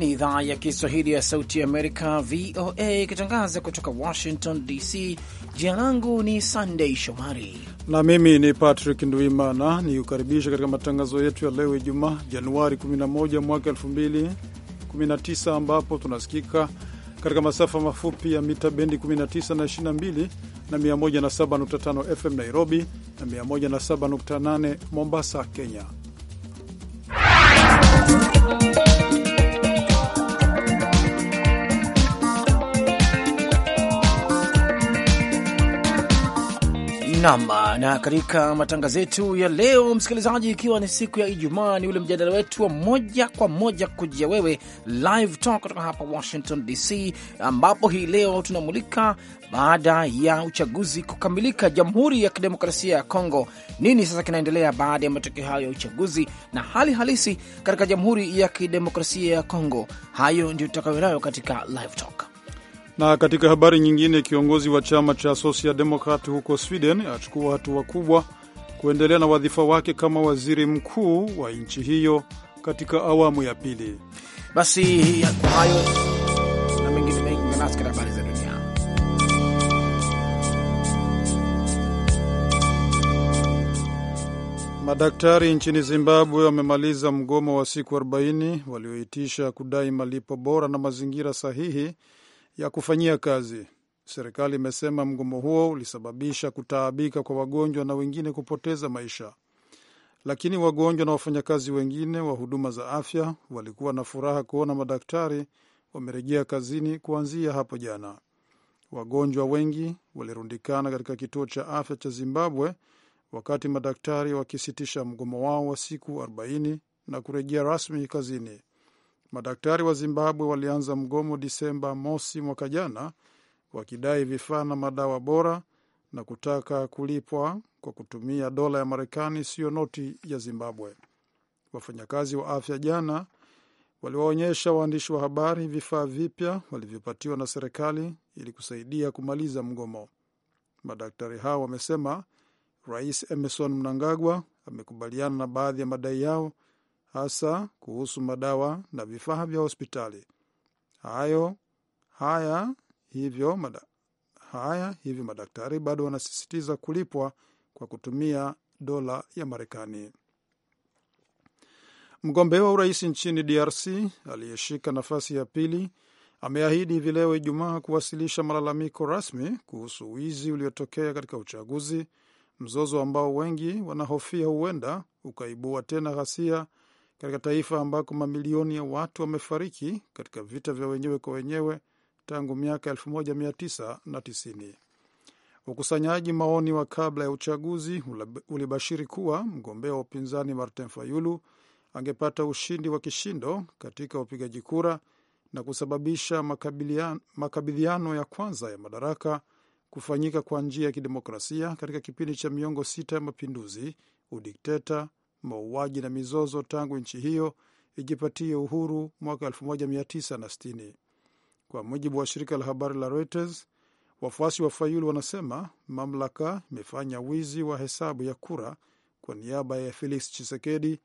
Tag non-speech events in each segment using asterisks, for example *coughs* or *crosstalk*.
Hii ni idhaa ya Kiswahili ya Sauti Amerika, VOA, ikitangaza kutoka Washington DC. Jina langu ni Sandei Shomari na mimi ni Patrick Nduimana, nikukaribisha katika matangazo yetu ya leo Ijumaa, Januari 11 mwaka 2019, ambapo tunasikika katika masafa mafupi ya mita bendi 19 na 22 na 107.5 FM Nairobi na 107.8 Mombasa, Kenya. Nam na katika matangazo yetu ya leo, msikilizaji, ikiwa ni siku ya Ijumaa, ni ule mjadala wetu wa moja kwa moja kujia wewe live talk kutoka hapa Washington DC, ambapo hii leo tunamulika baada ya uchaguzi kukamilika Jamhuri ya Kidemokrasia ya Kongo, nini sasa kinaendelea baada ya matokeo hayo ya uchaguzi na hali halisi katika Jamhuri ya Kidemokrasia ya Kongo. Hayo ndio tutakayonayo katika live talk. Na katika habari nyingine, kiongozi wa chama cha Social Democrat huko Sweden achukua hatua kubwa kuendelea na wadhifa wake kama waziri mkuu wa nchi hiyo katika awamu ya pili. Basi kwa hayo na mengine mengi, katika habari za dunia. Madaktari nchini Zimbabwe wamemaliza mgomo wa siku 40 walioitisha kudai malipo bora na mazingira sahihi ya kufanyia kazi. Serikali imesema mgomo huo ulisababisha kutaabika kwa wagonjwa na wengine kupoteza maisha, lakini wagonjwa na wafanyakazi wengine wa huduma za afya walikuwa na furaha kuona madaktari wamerejea kazini kuanzia hapo jana. Wagonjwa wengi walirundikana katika kituo cha afya cha Zimbabwe wakati madaktari wakisitisha mgomo wao wa siku 40 na kurejea rasmi kazini. Madaktari wa Zimbabwe walianza mgomo Disemba mosi mwaka jana wakidai vifaa na madawa bora na kutaka kulipwa kwa kutumia dola ya Marekani, siyo noti ya Zimbabwe. Wafanyakazi wa afya jana waliwaonyesha waandishi wa habari vifaa vipya walivyopatiwa na serikali ili kusaidia kumaliza mgomo. Madaktari hao wamesema Rais Emerson Mnangagwa amekubaliana na baadhi ya madai yao hasa kuhusu madawa na vifaa vya hospitali. Hayo haya hivyo, mada, haya hivyo madaktari bado wanasisitiza kulipwa kwa kutumia dola ya Marekani. Mgombea wa urais nchini DRC aliyeshika nafasi ya pili ameahidi hivi leo Ijumaa kuwasilisha malalamiko rasmi kuhusu wizi uliotokea katika uchaguzi, mzozo ambao wengi wanahofia huenda ukaibua tena ghasia katika taifa ambako mamilioni ya watu wamefariki katika vita vya wenyewe kwa wenyewe tangu miaka 1990. Ukusanyaji maoni wa kabla ya uchaguzi ulibashiri kuwa mgombea wa upinzani Martin Fayulu angepata ushindi wa kishindo katika upigaji kura na kusababisha makabidhiano ya kwanza ya madaraka kufanyika kwa njia ya kidemokrasia katika kipindi cha miongo sita ya mapinduzi, udikteta mauaji na mizozo tangu nchi hiyo ijipatie uhuru mwaka 1960. Kwa mujibu wa shirika la habari la Reuters, wafuasi wa Fayulu wanasema mamlaka imefanya wizi wa hesabu ya kura kwa niaba ya Felix chisekedi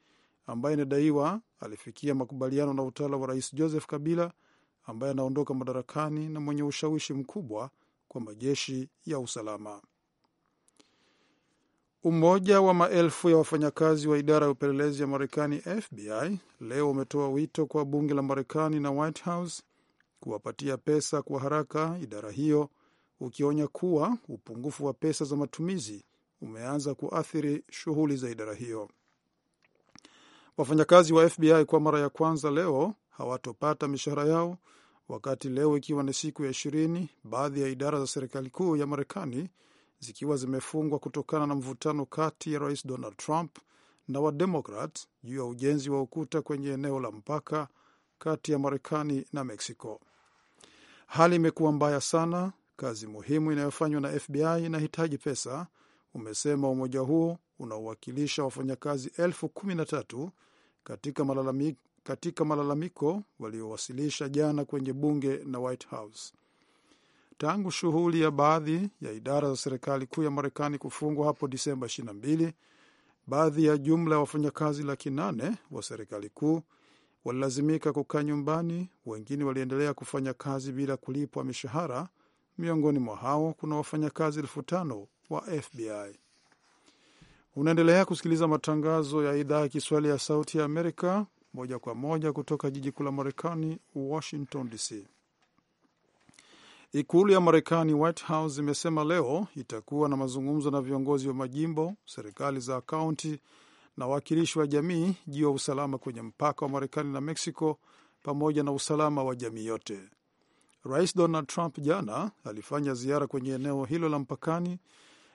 ambaye inadaiwa alifikia makubaliano na utawala wa Rais Joseph Kabila ambaye anaondoka madarakani na mwenye ushawishi mkubwa kwa majeshi ya usalama. Umoja wa maelfu ya wafanyakazi wa idara ya upelelezi ya Marekani, FBI, leo umetoa wito kwa bunge la Marekani na White House kuwapatia pesa kwa haraka idara hiyo, ukionya kuwa upungufu wa pesa za matumizi umeanza kuathiri shughuli za idara hiyo. Wafanyakazi wa FBI kwa mara ya kwanza leo hawatopata mishahara yao, wakati leo ikiwa ni siku ya ishirini, baadhi ya idara za serikali kuu ya Marekani zikiwa zimefungwa kutokana na mvutano kati ya rais Donald Trump na Wademokrat juu ya ujenzi wa ukuta kwenye eneo la mpaka kati ya Marekani na Meksiko. Hali imekuwa mbaya sana, kazi muhimu inayofanywa na FBI inahitaji pesa, umesema umoja huo unaowakilisha wafanyakazi elfu kumi na tatu katika malalamiko, katika malalamiko waliowasilisha jana kwenye bunge na White House tangu shughuli ya baadhi ya idara za serikali kuu ya Marekani kufungwa hapo Disemba 22. Baadhi ya jumla ya wafanyakazi laki nane wa serikali kuu walilazimika kukaa nyumbani, wengine waliendelea kufanya kazi bila kulipwa mishahara. Miongoni mwa hao kuna wafanyakazi elfu tano wa FBI. Unaendelea kusikiliza matangazo ya idhaa ya Kiswahili ya Sauti ya Amerika moja kwa moja kutoka jiji kuu la Marekani, Washington DC. Ikulu ya Marekani, White House, imesema leo itakuwa na mazungumzo na viongozi wa majimbo, serikali za kaunti na wawakilishi wa jamii juu ya usalama kwenye mpaka wa Marekani na Mexico pamoja na usalama wa jamii yote. Rais Donald Trump jana alifanya ziara kwenye eneo hilo la mpakani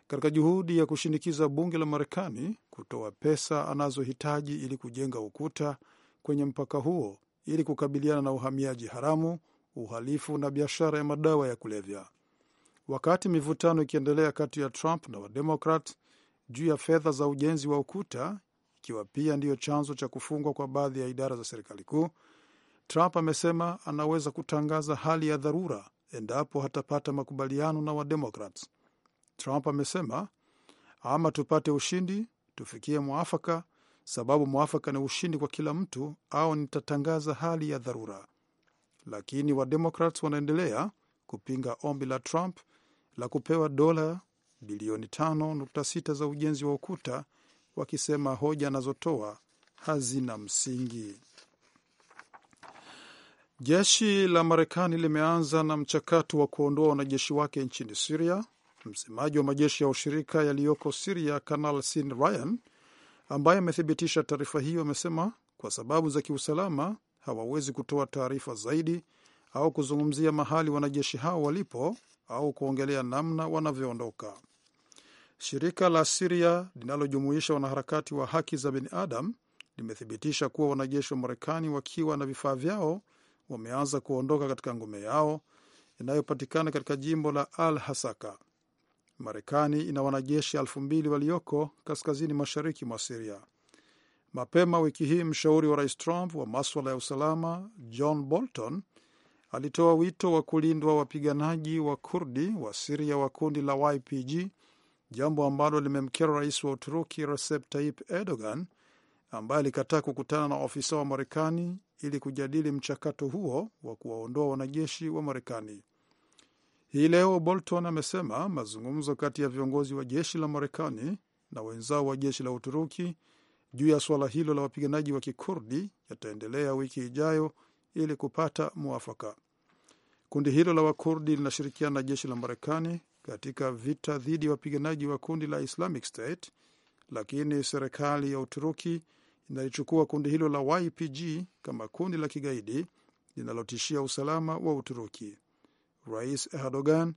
katika juhudi ya kushinikiza bunge la Marekani kutoa pesa anazohitaji ili kujenga ukuta kwenye mpaka huo ili kukabiliana na uhamiaji haramu uhalifu na biashara ya madawa ya kulevya. Wakati mivutano ikiendelea kati ya Trump na Wademokrat juu ya fedha za ujenzi wa ukuta, ikiwa pia ndiyo chanzo cha kufungwa kwa baadhi ya idara za serikali kuu, Trump amesema anaweza kutangaza hali ya dharura endapo hatapata makubaliano na Wademokrat. Trump amesema ama tupate ushindi, tufikie mwafaka, sababu mwafaka ni ushindi kwa kila mtu, au nitatangaza hali ya dharura lakini Wademokrat wanaendelea kupinga ombi la Trump la kupewa dola bilioni 5.6 za ujenzi wa ukuta, wakisema hoja anazotoa hazina msingi. Jeshi la Marekani limeanza na mchakato wa kuondoa wanajeshi wake nchini Siria. Msemaji wa majeshi ya ushirika yaliyoko Siria, Kanal Sin Ryan, ambaye amethibitisha taarifa hiyo, amesema kwa sababu za kiusalama hawawezi kutoa taarifa zaidi au kuzungumzia mahali wanajeshi hao walipo au kuongelea namna wanavyoondoka. Shirika la Siria linalojumuisha wanaharakati wa haki za binadamu limethibitisha kuwa wanajeshi wa Marekani wakiwa na vifaa vyao wameanza kuondoka katika ngome yao inayopatikana katika jimbo la Al Hasaka. Marekani ina wanajeshi elfu mbili walioko kaskazini mashariki mwa Siria. Mapema wiki hii mshauri wa rais Trump wa maswala ya usalama John Bolton alitoa wito wa kulindwa wapiganaji wa Kurdi wa Siria wa kundi la YPG, jambo ambalo limemkera rais wa Uturuki Recep Tayyip Erdogan ambaye alikataa kukutana na ofisa wa Marekani ili kujadili mchakato huo wa kuwaondoa wanajeshi wa Marekani. Hii leo Bolton amesema mazungumzo kati ya viongozi wa jeshi la Marekani na wenzao wa jeshi la Uturuki juu ya suala hilo la wapiganaji wa kikurdi yataendelea wiki ijayo ili kupata mwafaka. Kundi hilo la wakurdi linashirikiana na jeshi la Marekani katika vita dhidi ya wapiganaji wa kundi la Islamic State, lakini serikali ya Uturuki inalichukua kundi hilo la YPG kama kundi la kigaidi linalotishia usalama wa Uturuki. Rais Erdogan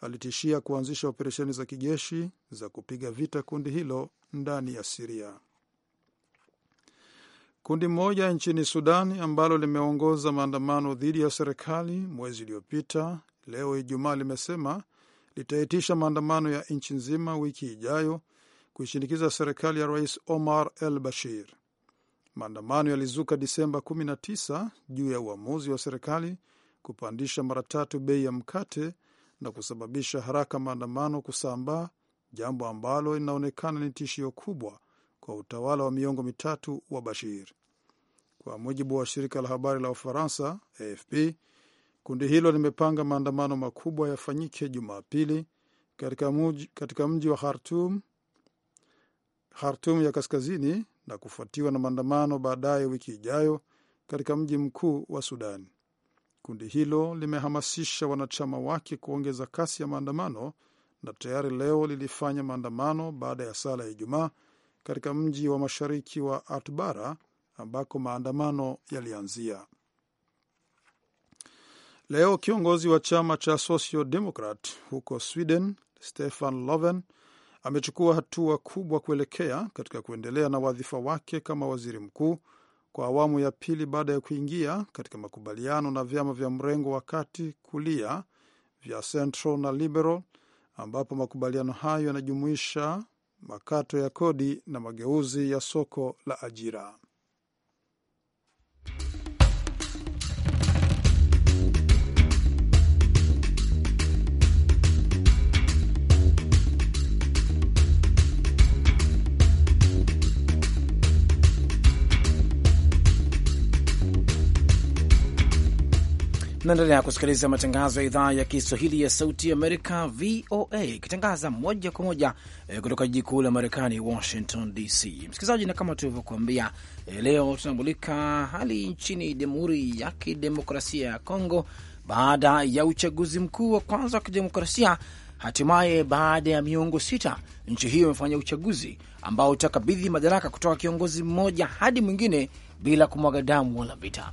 alitishia kuanzisha operesheni za kijeshi za kupiga vita kundi hilo ndani ya Siria. Kundi moja nchini Sudan ambalo limeongoza maandamano dhidi ya serikali mwezi uliopita, leo Ijumaa, limesema litaitisha maandamano ya nchi nzima wiki ijayo kuishinikiza serikali ya Rais Omar el Bashir. Maandamano yalizuka Disemba 19 juu ya uamuzi wa serikali kupandisha mara tatu bei ya mkate na kusababisha haraka maandamano kusambaa, jambo ambalo linaonekana ni tishio kubwa kwa utawala wa miongo mitatu wa Bashir. Kwa mujibu wa shirika la habari la Ufaransa AFP, kundi hilo limepanga maandamano makubwa yafanyike Jumapili katika mji, katika mji wa Khartum, Khartum ya kaskazini na kufuatiwa na maandamano baadaye wiki ijayo katika mji mkuu wa Sudan. Kundi hilo limehamasisha wanachama wake kuongeza kasi ya maandamano na tayari leo lilifanya maandamano baada ya sala ya Ijumaa katika mji wa mashariki wa Atbara ambako maandamano yalianzia. Leo kiongozi wa chama cha Social Democrat huko Sweden, Stefan Löfven amechukua hatua kubwa kuelekea katika kuendelea na wadhifa wake kama waziri mkuu kwa awamu ya pili baada ya kuingia katika makubaliano na vyama vya mrengo wa kati kulia vya central na Liberal ambapo makubaliano hayo yanajumuisha makato ya kodi na mageuzi ya soko la ajira. Naendelea kusikiliza matangazo ya idhaa ya Kiswahili ya Sauti Amerika, VOA, ikitangaza moja kwa moja eh, kutoka jiji kuu la Marekani, Washington DC. Msikilizaji, na kama tulivyokuambia, eh, leo tunamulika hali nchini Jamhuri ya Kidemokrasia ya Kongo baada ya uchaguzi mkuu wa kwanza wa kidemokrasia. Hatimaye, baada ya miongo sita, nchi hiyo imefanya uchaguzi ambao utakabidhi madaraka kutoka kiongozi mmoja hadi mwingine bila kumwaga damu wala vita.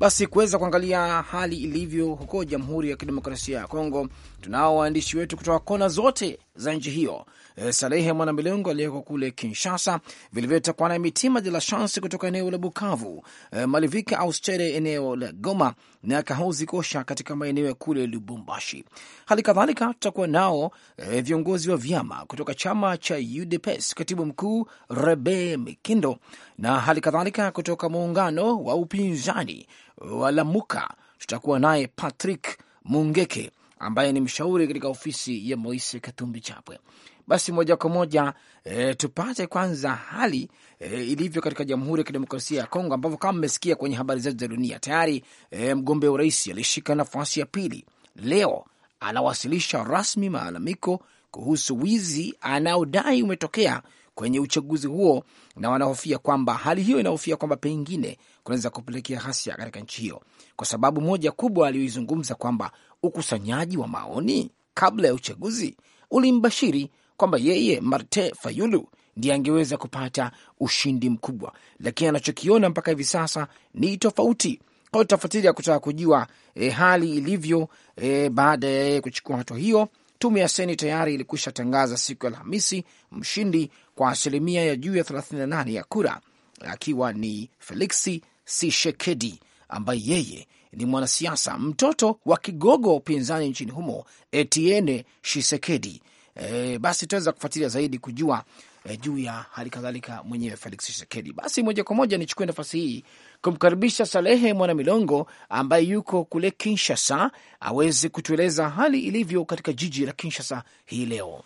Basi kuweza kuangalia hali ilivyo huko Jamhuri ya Kidemokrasia ya Kongo, tunao waandishi wetu kutoka kona zote za nchi hiyo. E, Salehe Mwana Milongo aliyeko kule Kinshasa, vilevile tutakuwa na Mitima de la Chance kutoka eneo la Bukavu, e, Malivika Austere eneo la Goma na Kahozi Kosha katika maeneo ya kule Lubumbashi. Hali kadhalika tutakuwa nao e, viongozi wa vyama kutoka chama cha UDPS, katibu mkuu Rebe Mikindo na hali kadhalika kutoka muungano wa upinzani Walamuka. Tutakuwa naye Patrick Mungeke ambaye ni mshauri katika ofisi ya Moise Katumbi Chapwe. Basi moja kwa moja e, tupate kwanza hali e, ilivyo katika Jamhuri ya Kidemokrasia ya Kongo, ambavyo kama mmesikia kwenye habari zetu za dunia tayari e, mgombea urais alishika nafasi ya pili, leo anawasilisha rasmi malalamiko kuhusu wizi anaodai umetokea kwenye uchaguzi huo, na wanahofia kwamba hali hiyo inahofia kwamba pengine kunaweza kupelekea ghasia katika nchi hiyo, kwa sababu moja kubwa aliyoizungumza kwamba ukusanyaji wa maoni kabla ya uchaguzi ulimbashiri kwamba yeye Marte Fayulu ndiye angeweza kupata ushindi mkubwa, lakini anachokiona mpaka hivi sasa ni tofauti. Kwa hiyo tutafuatilia kutaka kujua e, hali ilivyo e, baada ya yeye kuchukua hatua hiyo. Tume ya Seni tayari ilikwisha tangaza siku ya Alhamisi mshindi kwa asilimia ya juu ya 38 ya kura, akiwa ni Feliksi sishekedi ambaye yeye ni mwanasiasa mtoto wa kigogo wa upinzani nchini humo Etienne shisekedi E, basi tutaweza kufuatilia zaidi kujua e, juu ya hali kadhalika mwenyewe Felix shisekedi Basi moja kwa moja nichukue nafasi hii kumkaribisha Salehe Mwanamilongo ambaye yuko kule Kinshasa aweze kutueleza hali ilivyo katika jiji la Kinshasa hii leo.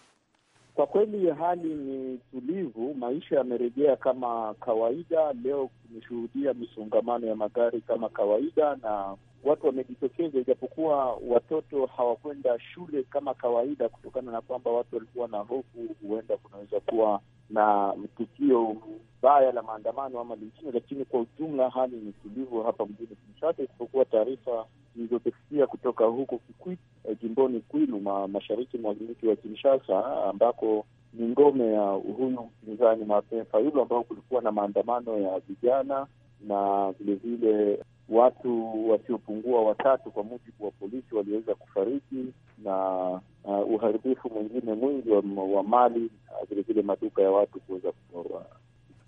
Kwa kweli hali ni tulivu, maisha yamerejea kama kawaida. Leo kumeshuhudia misongamano ya magari kama kawaida, na watu wamejitokeza, ijapokuwa watoto hawakwenda shule kama kawaida, kutokana na kwamba watu walikuwa na hofu, huenda kunaweza kuwa na tukio baya la maandamano ama lingine, lakini kwa ujumla hali ni tulivu hapa mjini Kinshasa, isipokuwa taarifa zilizotesikia kutoka huko Kikwit, eh, jimboni Kwilu, ma mashariki mwa mji wa Kinshasa, ambako ni ngome ya huyu mpinzani Martin Fayulu, ambao kulikuwa na maandamano ya vijana na vilevile watu wasiopungua watatu kwa mujibu wa polisi waliweza kufariki na uh, uharibifu mwingine mwingi wa, wa mali vilevile maduka ya watu kuweza kuporwa.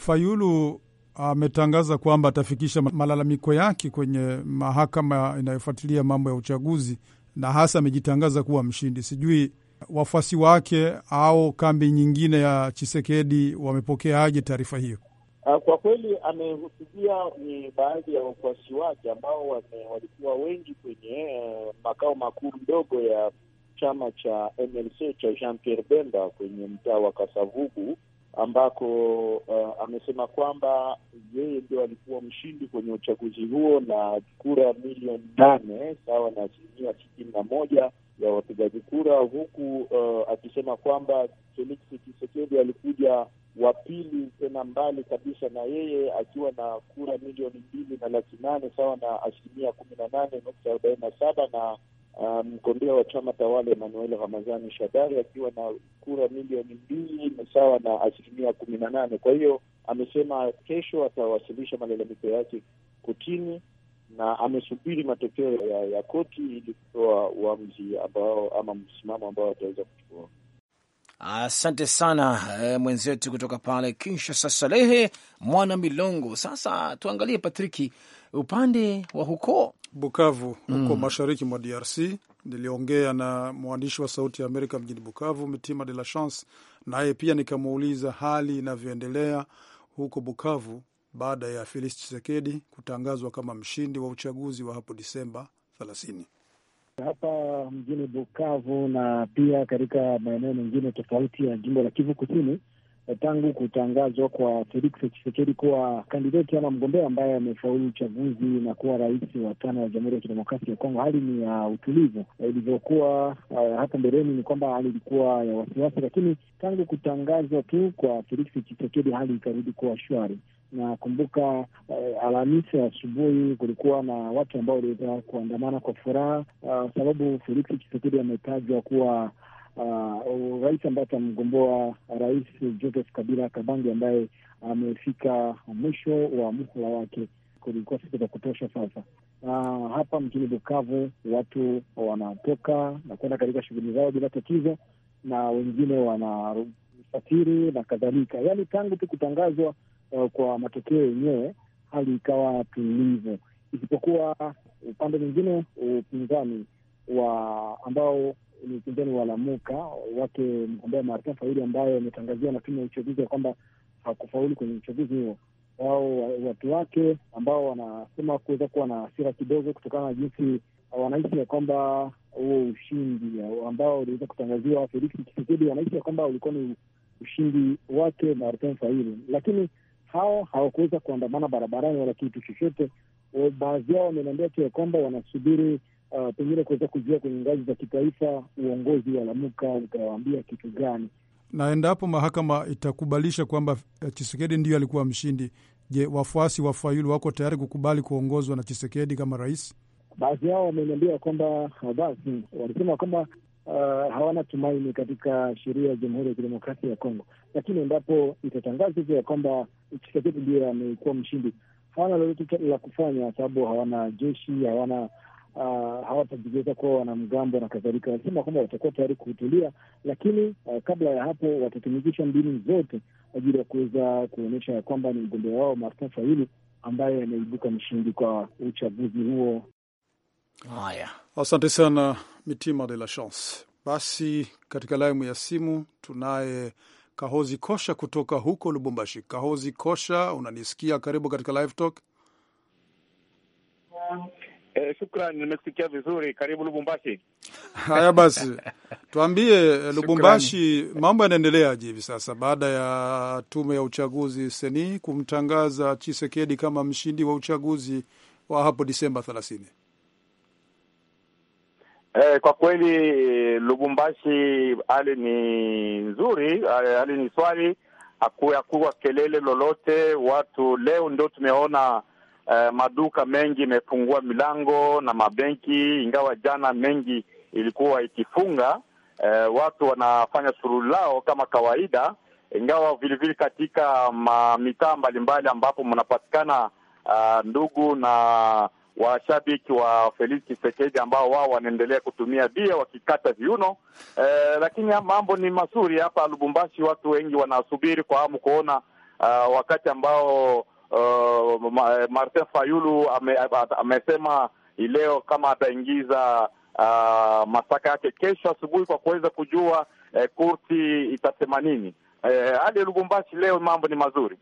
Fayulu ametangaza kwamba atafikisha malalamiko yake kwenye mahakama inayofuatilia mambo ya uchaguzi, na hasa amejitangaza kuwa mshindi. Sijui wafuasi wake au kambi nyingine ya Chisekedi wamepokeaje taarifa hiyo? Ah, kwa kweli amehusudia ni baadhi ya wafuasi wake ambao walikuwa wengi kwenye eh, makao makuu mdogo ya chama cha MLC cha Jean Pierre Bemba kwenye mtaa wa kasavugu ambako uh, amesema kwamba yeye ndio alikuwa mshindi kwenye uchaguzi huo na kura milioni nane sawa na asilimia sitini na moja ya wapigaji kura, huku uh, akisema kwamba Felix Tshisekedi alikuja wa pili tena mbali kabisa na yeye akiwa na kura milioni mbili na laki nane sawa na asilimia kumi na nane nukta arobaini na saba na Um, mgombea um, wa chama tawala Emmanuel Ramazani Shadari akiwa na kura milioni mbili ni sawa na asilimia kumi na nane. Kwa hiyo amesema kesho atawasilisha malalamiko yake kotini na amesubiri matokeo ya, ya koti ili kutoa uamuzi ambao ama msimamo ambao ataweza kuchukua. Asante sana eh, mwenzetu kutoka pale Kinshasa, Salehe Mwana Milongo. Sasa tuangalie Patriki upande wa huko Bukavu, huko mm, mashariki mwa DRC. Niliongea na mwandishi wa Sauti ya Amerika mjini Bukavu, Mitima de la Chance, naye pia nikamuuliza hali inavyoendelea huko Bukavu baada ya Felix chisekedi kutangazwa kama mshindi wa uchaguzi wa hapo Disemba 30 hapa mjini Bukavu na pia katika maeneo mengine tofauti ya jimbo la Kivu Kusini Eh, tangu kutangazwa kwa Felix Tshisekedi kuwa kandidati ama mgombea ambaye amefaulu uchaguzi na kuwa rais wa tano wa Jamhuri ya Kidemokrasia ya Kongo, hali ni ya uh, utulivu eh, ilivyokuwa uh, hapo mbeleni ni kwamba hali ilikuwa ya wasiwasi, lakini tangu kutangazwa tu kwa Felix Tshisekedi hali ikarudi kuwa shwari. Nakumbuka uh, Alhamisi asubuhi kulikuwa na watu ambao waliweza kuandamana kwa furaha uh, sababu Felix Tshisekedi ametajwa kuwa uh, rais ambaye atamgomboa Rais Joseph Kabila Kabange ambaye amefika mwisho wa muhula wake. Kulikuwa siku za kutosha sasa. Uh, hapa mjini Bukavu watu wanatoka na kwenda katika shughuli zao bila tatizo, na wengine wanasafiri na kadhalika. Yaani tangu tu kutangazwa uh, kwa matokeo yenyewe hali ikawa tulivu, isipokuwa upande mwingine upinzani wa ambao ni upinzani wa Lamuka wake mgombea Martin Fayulu ambaye ametangazia na tume ya uchaguzi ya kwamba hakufaulu kwenye uchaguzi huo. ao watu wake ambao wanasema kuweza kuwa na hasira kidogo kutokana na jinsi wanahisi ya kwamba huo ushindi ambao uliweza kutangaziwa Felix Tshisekedi, wanahisi ya kwamba ulikuwa ni ushindi wake Martin Fayulu, lakini hao hawakuweza kuandamana barabarani wala kitu chochote. Baadhi yao wameniambia tu ya kwamba wanasubiri uh, pengine kuweza kujua kwenye ngazi za kitaifa uongozi wa Lamuka utawaambia kitu gani, na endapo mahakama itakubalisha kwamba Chisekedi eh, ndiyo alikuwa mshindi. Je, wafuasi wa Fayulu wako tayari kukubali kuongozwa na Chisekedi kama rais? Baadhi yao wameniambia kwamba ah, basi, walisema kwamba Uh, hawana tumaini katika sheria ya Jamhuri ya Kidemokrasia ya Kongo, lakini endapo itatangaza hivyo ya kwamba chisekedi ndio amekuwa mshindi, hawana lolote la kufanya, sababu hawana jeshi, hawana uh, ah, hawatajiweza kuwa wanamgambo na kadhalika. Wanasema kwamba watakuwa tayari kuhutulia, lakini uh, kabla ya hapo watatumikisha mbinu zote ajili ya kuweza kuonyesha ya kwamba ni mgombea wao Martin Fayulu ambaye ameibuka mshindi kwa uchaguzi huo. Haya, asante sana Mitima de la Chance. Basi katika laimu ya simu tunaye Kahozi Kosha kutoka huko Lubumbashi. Kahozi Kosha, unanisikia? Karibu katika Live Talk. Eh, shukran, nimekusikia vizuri. Karibu Lubumbashi. *laughs* Haya basi, tuambie eh, Lubumbashi, mambo yanaendeleaje hivi sasa baada ya tume ya uchaguzi seni kumtangaza Chisekedi kama mshindi wa uchaguzi wa hapo Disemba thelathini? Eh, kwa kweli Lubumbashi hali ni nzuri, eh, hali ni swali, hakukuwa kelele lolote. Watu leo ndio tumeona Eh, maduka mengi imefungua milango na mabenki, ingawa jana mengi ilikuwa ikifunga. Uh, watu wanafanya shughuli lao kama kawaida, ingawa vilevile katika mitaa mbalimbali ambapo mnapatikana uh, ndugu na washabiki wa Felix Tshisekedi ambao wao wanaendelea kutumia bia wakikata viuno eh, lakini mambo ni mazuri hapa Lubumbashi. Watu wengi wanasubiri kwa hamu kuona uh, wakati ambao uh, Martin Fayulu ame, amesema ileo kama ataingiza uh, mashtaka yake kesho asubuhi kwa kuweza kujua uh, eh, kurti itasema nini. Eh, hadi uh, Lubumbashi leo mambo ni mazuri.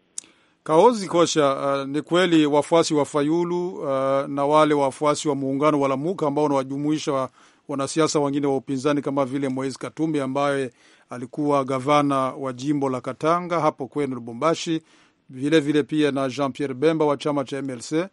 Kaozi Kosha, uh, ni kweli wafuasi wa Fayulu uh, na wale wafuasi wa muungano wa Lamuka ambao wanawajumuisha wanasiasa wengine wa upinzani kama vile Moise Katumbi ambaye alikuwa gavana wa jimbo la Katanga hapo kwenu Lubumbashi vilevile vile pia na Jean Pierre Bemba wa chama cha MLC.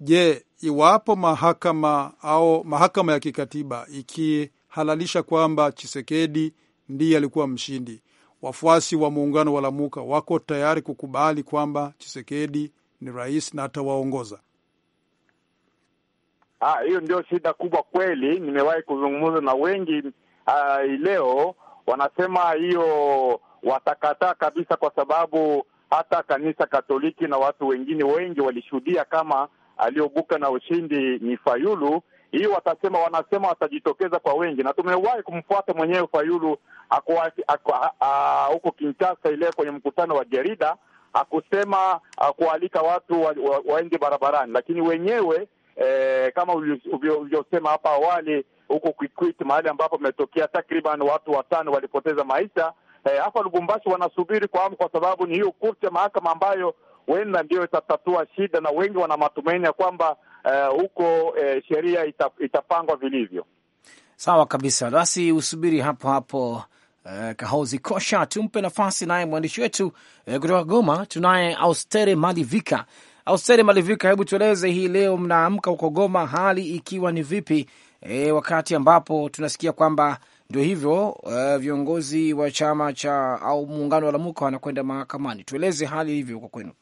Je, iwapo mahakama au mahakama ya kikatiba ikihalalisha kwamba Chisekedi ndiye alikuwa mshindi, wafuasi wa muungano wa Lamuka wako tayari kukubali kwamba Chisekedi ni rais na atawaongoza? Ah, hiyo ndio shida kubwa kweli. Nimewahi kuzungumza na wengi uh, leo wanasema hiyo watakataa kabisa, kwa sababu hata kanisa Katoliki na watu wengine wengi walishuhudia kama aliyobuka na ushindi ni Fayulu. Hii watasema wanasema watajitokeza kwa wengi, na tumewahi kumfuata mwenyewe Fayulu huko Kinshasa ile kwenye mkutano wa jerida hakusema kualika watu wa, wa, waende barabarani, lakini wenyewe eh, kama ulivyosema hapa awali huko Kikwit, mahali ambapo umetokea takriban watu watano walipoteza maisha Eh, hapa eh, Lubumbashi wanasubiri kwa hamu, kwa sababu ni hiyo kurti ya mahakama ambayo huenda ndio itatatua shida, na wengi wana matumaini ya kwamba eh, huko eh, sheria itapangwa vilivyo. Sawa kabisa, basi usubiri hapo hapo. Eh, Kahozi Kosha, tumpe nafasi naye mwandishi wetu eh, kutoka Goma. Tunaye Austere Malivika. Austere Malivika, hebu tueleze hii leo, mnaamka huko Goma hali ikiwa ni vipi? Eh, wakati ambapo tunasikia kwamba ndio hivyo uh, viongozi wa chama cha au muungano wa Lamuka wanakwenda mahakamani. Tueleze hali ilivyo kwa kwenu.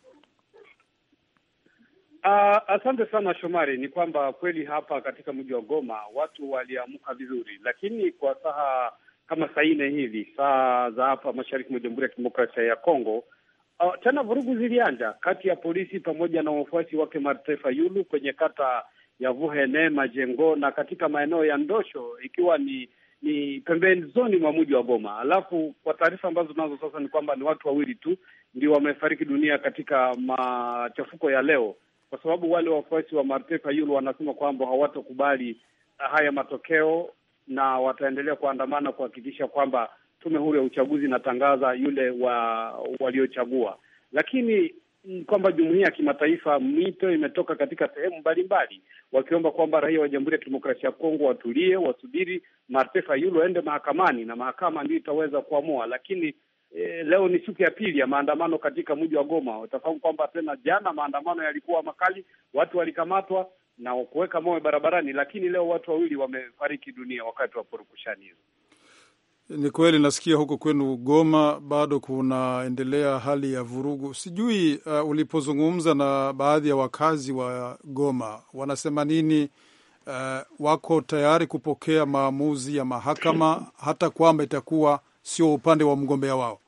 Uh, asante sana Shomari. Ni kwamba kweli hapa katika mji wa Goma watu waliamka vizuri, lakini kwa saa kama saa nne hivi saa za hapa mashariki mwa Jamhuri ya Kidemokrasia ya Kongo, uh, tena vurugu zilianza kati ya polisi pamoja na wafuasi wake Martin Fayulu kwenye kata ya Vuhene Majengo na katika maeneo ya Ndosho, ikiwa ni ni pembezoni mwa mji wa Goma. Alafu kwa taarifa ambazo tunazo sasa ni kwamba ni watu wawili tu ndio wamefariki dunia katika machafuko ya leo, kwa sababu wale wafuasi wa Martin Fayulu wanasema kwamba hawatakubali uh, haya matokeo na wataendelea kuandamana kuhakikisha kwamba tume huru ya uchaguzi inatangaza yule wa waliochagua. Lakini kwamba jumuiya ya kimataifa mwito imetoka katika sehemu mbalimbali, wakiomba kwamba raia wa Jamhuri ya Kidemokrasia ya Kongo watulie, wasubiri Martin Fayulu aende mahakamani na mahakama ndio itaweza kuamua. Lakini eh, leo ni siku ya pili ya maandamano katika mji wa Goma. Utafahamu kwamba tena jana maandamano yalikuwa makali, watu walikamatwa na kuweka mawe barabarani, lakini leo watu wawili wamefariki dunia wakati wa porukushani hizo. Ni kweli nasikia huko kwenu Goma bado kunaendelea hali ya vurugu. Sijui uh, ulipozungumza na baadhi ya wakazi wa Goma wanasema nini? Uh, wako tayari kupokea maamuzi ya mahakama hata kwamba itakuwa sio upande wa mgombea wao?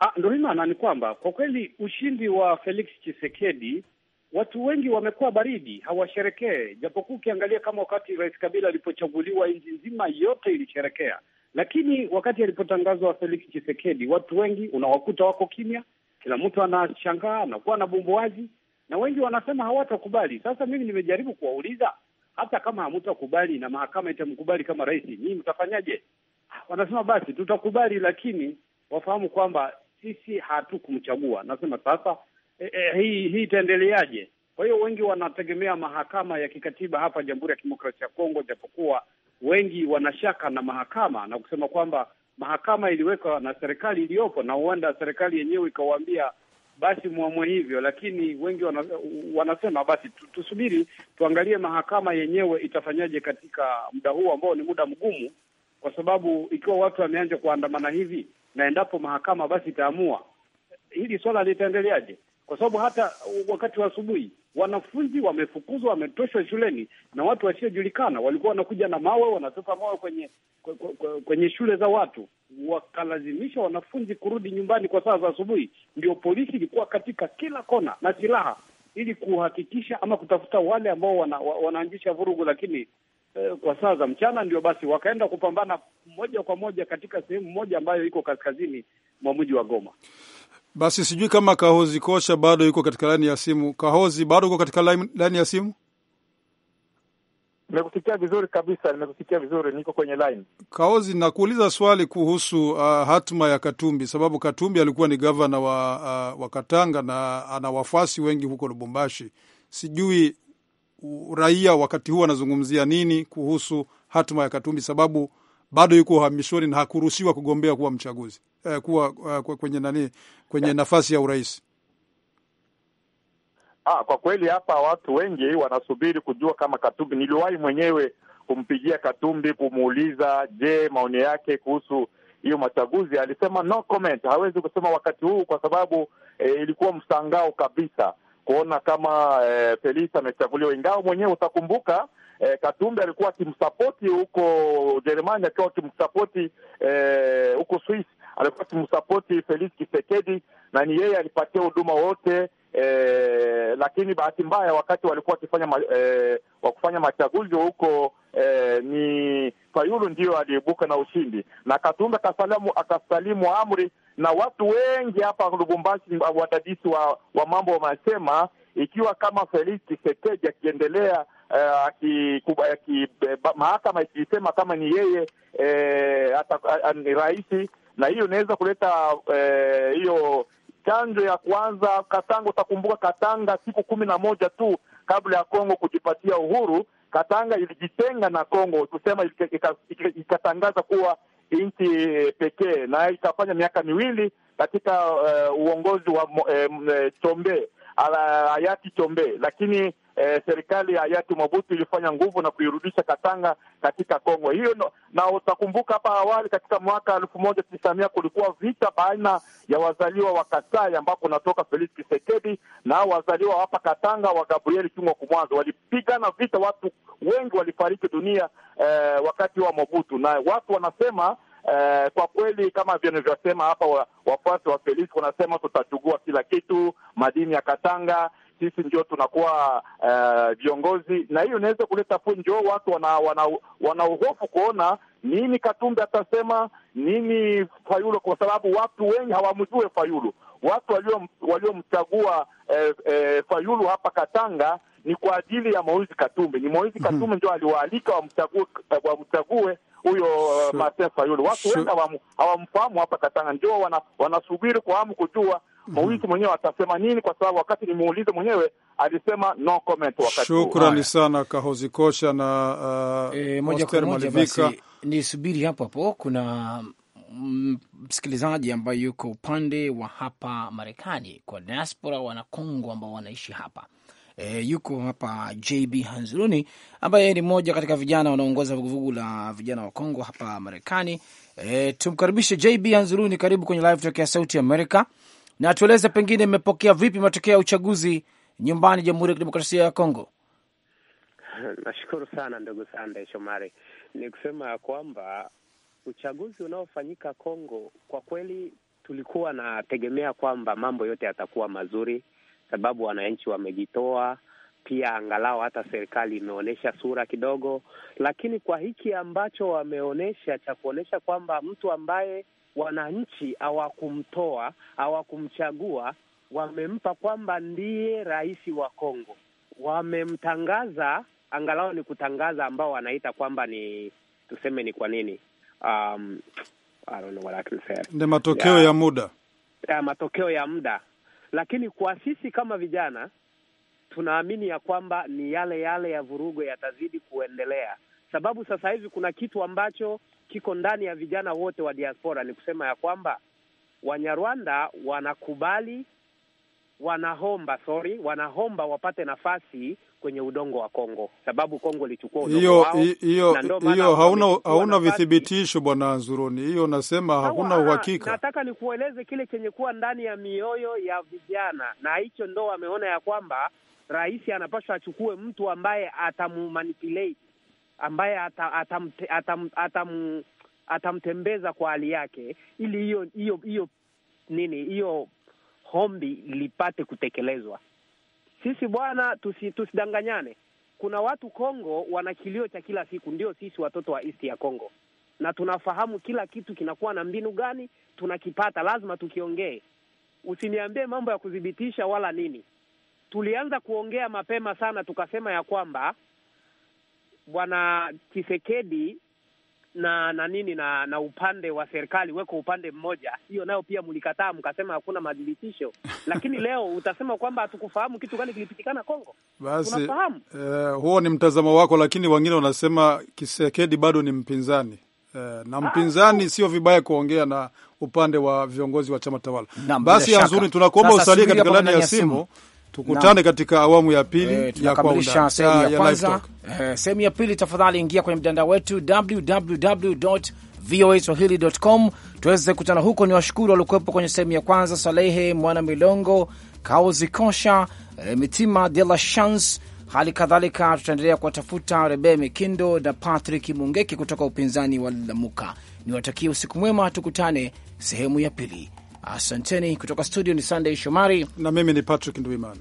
Ah, ndo hii maana ni kwamba kwa kweli ushindi wa Felix chisekedi watu wengi wamekuwa baridi, hawasherekee. Japokuwa ukiangalia kama wakati Rais Kabila alipochaguliwa nchi nzima yote ilisherekea, lakini wakati alipotangazwa Felix chisekedi watu wengi unawakuta wako kimya, kila mtu anashangaa, anakuwa na bumbuazi na wengi wanasema hawatakubali. Sasa mimi nimejaribu kuwauliza, hata kama hamutakubali na mahakama itamkubali kama rais, nyinyi mtafanyaje? Ah, wanasema basi tutakubali, lakini wafahamu kwamba sisi hatukumchagua. Nasema sasa e, e, hii hii itaendeleaje? Kwa hiyo wengi wanategemea mahakama ya kikatiba hapa Jamhuri ya Kidemokrasia ya Kongo, japokuwa wengi wanashaka na mahakama na kusema kwamba mahakama iliwekwa na serikali iliyopo, na huenda serikali yenyewe ikawaambia basi muamue hivyo, lakini wengi wana, wanasema basi tusubiri tuangalie mahakama yenyewe itafanyaje katika muda huu ambao ni muda mgumu, kwa sababu ikiwa watu wameanza kuandamana hivi na endapo mahakama basi itaamua hili swala litaendeleaje? kwa sababu hata wakati wa asubuhi wanafunzi wamefukuzwa, wametoshwa shuleni na watu wasiojulikana. Walikuwa wanakuja na mawe, wanatupa mawe kwenye kwenye shule za watu, wakalazimisha wanafunzi kurudi nyumbani kwa saa za asubuhi. Ndio polisi ilikuwa katika kila kona na silaha ili kuhakikisha ama kutafuta wale ambao wana, wanaanzisha vurugu, lakini eh, kwa saa za mchana ndio basi wakaenda kupambana moja kwa moja katika sehemu moja ambayo iko kaskazini mwa mji wa Goma. Basi sijui kama Kahozi kocha bado yuko katika laini ya simu. Kahozi, bado uko katika laini ya simu? Nimekusikia vizuri kabisa, nimekusikia vizuri, niko kwenye line. Kaozi, nakuuliza swali kuhusu uh, hatma ya Katumbi, sababu Katumbi alikuwa ni gavana wa, uh, wa Katanga na ana wafuasi wengi huko Lubumbashi. Sijui raia wakati huu anazungumzia nini kuhusu hatma ya Katumbi, sababu bado yuko uhamishoni na hakuruhusiwa kugombea kuwa mchaguzi eh, kuwa uh, kwenye nani, kwenye nafasi ya urais. Ah, kwa kweli hapa watu wengi wanasubiri kujua kama Katumbi. Niliwahi mwenyewe kumpigia Katumbi kumuuliza, je, maoni yake kuhusu hiyo machaguzi. Alisema no comment, hawezi kusema wakati huu kwa sababu eh, ilikuwa msangao kabisa kuona kama eh, Felisa amechaguliwa, ingawa mwenyewe utakumbuka eh, Katumbi alikuwa akimsapoti huko Ujerumani, akiwa akimsapoti eh, huko eh, Swiss, alikuwa akimsapoti Felix Kisekedi na ni yeye alipatia huduma wote eh, lakini bahati mbaya wakati walikuwa wakifanya ma, e, eh, wakufanya machaguzi huko eh, ni Fayulu ndiyo aliibuka na ushindi na Katumbi akasalimu, akasalimu amri na watu wengi hapa Lubumbashi, wadadisi wa, wa mambo wanasema ikiwa kama Felix Tshisekedi akiendelea Eh, mahakama ikisema kama ni yeye eh, ni rahisi na hiyo inaweza kuleta eh, hiyo chanjo ya kwanza Katanga. Utakumbuka Katanga siku kumi na moja tu kabla ya Kongo kujipatia uhuru, Katanga ilijitenga na Kongo, tusema ikatangaza kuwa nchi pekee, na ikafanya miaka miwili katika uh, uongozi wa uh, Chombe hayati Chombe, lakini eh, serikali ya hayati Mobutu ilifanya nguvu na kuirudisha Katanga katika Kongo hiyo no, na utakumbuka hapa awali katika mwaka elfu moja tisa mia kulikuwa vita baina ya wazaliwa wa Kasai ambako unatoka Felix Tshisekedi na wazaliwa hapa Katanga wa Gabriel Kingwa Kumwanza, walipigana vita, watu wengi walifariki dunia eh, wakati wa Mobutu na watu wanasema Uh, kwa kweli kama vile nilivyosema hapa, wafuasi wa Felix wanasema tutachugua kila kitu, madini ya Katanga sisi ndio tunakuwa eh, viongozi uh, na hiyo inaweza kuleta fu, watu wana, wana, kuona nini Katumbi atasema nini Fayulu, kwa sababu watu wengi hawamjue Fayulu. Watu waliomchagua eh, eh, Fayulu hapa Katanga ni kwa ajili ya Moizi Katumbi. Ni Moizi mhm. Katumbi mm -hmm. ndio aliwaalika wamchague wamchague huyo Martin Fayulu. Watu wengi hawamfahamu hapa Katanga, ndio wanasubiri wana kwa hamu kujua Mowiki mhm. mwenyewe atasema nini, kwa sababu wakati nimuulize mwenyewe alisema no comment wakati. Shukrani sana Kahozi Kosha na uh, e, moja kwa moja basi nisubiri hapo hapo, kuna mm, msikilizaji ambaye yuko upande wa hapa Marekani kwa diaspora wana Kongo ambao wanaishi hapa e, yuko hapa JB Hanzuruni ambaye ni mmoja katika vijana wanaongoza vuguvugu la vijana wa Kongo hapa Marekani. E, tumkaribishe JB Hanzuruni, karibu kwenye live talk ya Sauti Amerika na tueleze pengine mmepokea vipi matokeo ya uchaguzi nyumbani Jamhuri ya Kidemokrasia ya Kongo? Nashukuru sana ndugu Sande Shomari, ni kusema ya kwamba uchaguzi unaofanyika Kongo kwa kweli tulikuwa nategemea kwamba mambo yote yatakuwa mazuri, sababu wananchi wamejitoa, pia angalau hata serikali imeonyesha sura kidogo, lakini kwa hiki ambacho wameonyesha cha kuonyesha kwamba mtu ambaye wananchi hawakumtoa, hawakumchagua, wamempa kwamba ndiye rais wa Kongo, wamemtangaza angalau ni kutangaza ambao wanaita kwamba ni tuseme ni kwa nini um, Ni matokeo ya, ya muda ya matokeo ya muda, lakini kwa sisi kama vijana tunaamini ya kwamba ni yale yale ya vurugo yatazidi kuendelea, sababu sasa hivi kuna kitu ambacho kiko ndani ya vijana wote wa diaspora ni kusema ya kwamba Wanyarwanda wanakubali, wanaomba sorry, wanaomba wapate nafasi kwenye udongo wa Kongo, sababu Kongo ilichukua udongo wao. Hiyo hauna hauna vithibitisho bwana Nzuruni, hiyo nasema hakuna uhakika. Nataka nikueleze kile chenye kuwa ndani ya mioyo ya vijana, na hicho ndo wameona ya kwamba rais anapaswa achukue mtu ambaye atamumanipulate ambaye atamtembeza kwa hali yake, ili hiyo hiyo hiyo nini hiyo hombi lipate kutekelezwa. Sisi bwana, tusi, tusidanganyane. Kuna watu Kongo wana kilio cha kila siku, ndio sisi watoto wa East ya Kongo, na tunafahamu kila kitu kinakuwa na mbinu gani, tunakipata lazima tukiongee. Usiniambie mambo ya kudhibitisha wala nini. Tulianza kuongea mapema sana, tukasema ya kwamba bwana Chisekedi na na nini na na upande wa serikali weko upande mmoja. Hiyo nayo pia mlikataa mkasema hakuna madhibitisho, *laughs* lakini leo utasema kwamba hatukufahamu kitu gani kilipitikana Kongo. Basi eh, huo ni mtazamo wako, lakini wengine wanasema Kisekedi bado ni mpinzani eh, na ah, mpinzani ah, sio vibaya kuongea na upande wa viongozi wa chama tawala. Basi ya nzuri, tunakuomba usalie katika laini ya simu, simu tukutane katika awamu ya pili e, ya ya kwanza. Eh, sehemu ya pili, tafadhali ingia kwenye mtandao wetu www voaswahili.com tuweze kukutana huko. Ni washukuru waliokuwepo kwenye sehemu ya kwanza: Salehe Mwana Milongo, kaozi Kosha, e, Mitima de la Chance. Hali kadhalika tutaendelea kuwatafuta Rebe Mikindo na Patrick Mungeki kutoka upinzani wa Lamuka. Niwatakie usiku mwema, tukutane sehemu ya pili. Asanteni. Kutoka studio ni Sunday Shomari na mimi ni Patrick Ndwimana.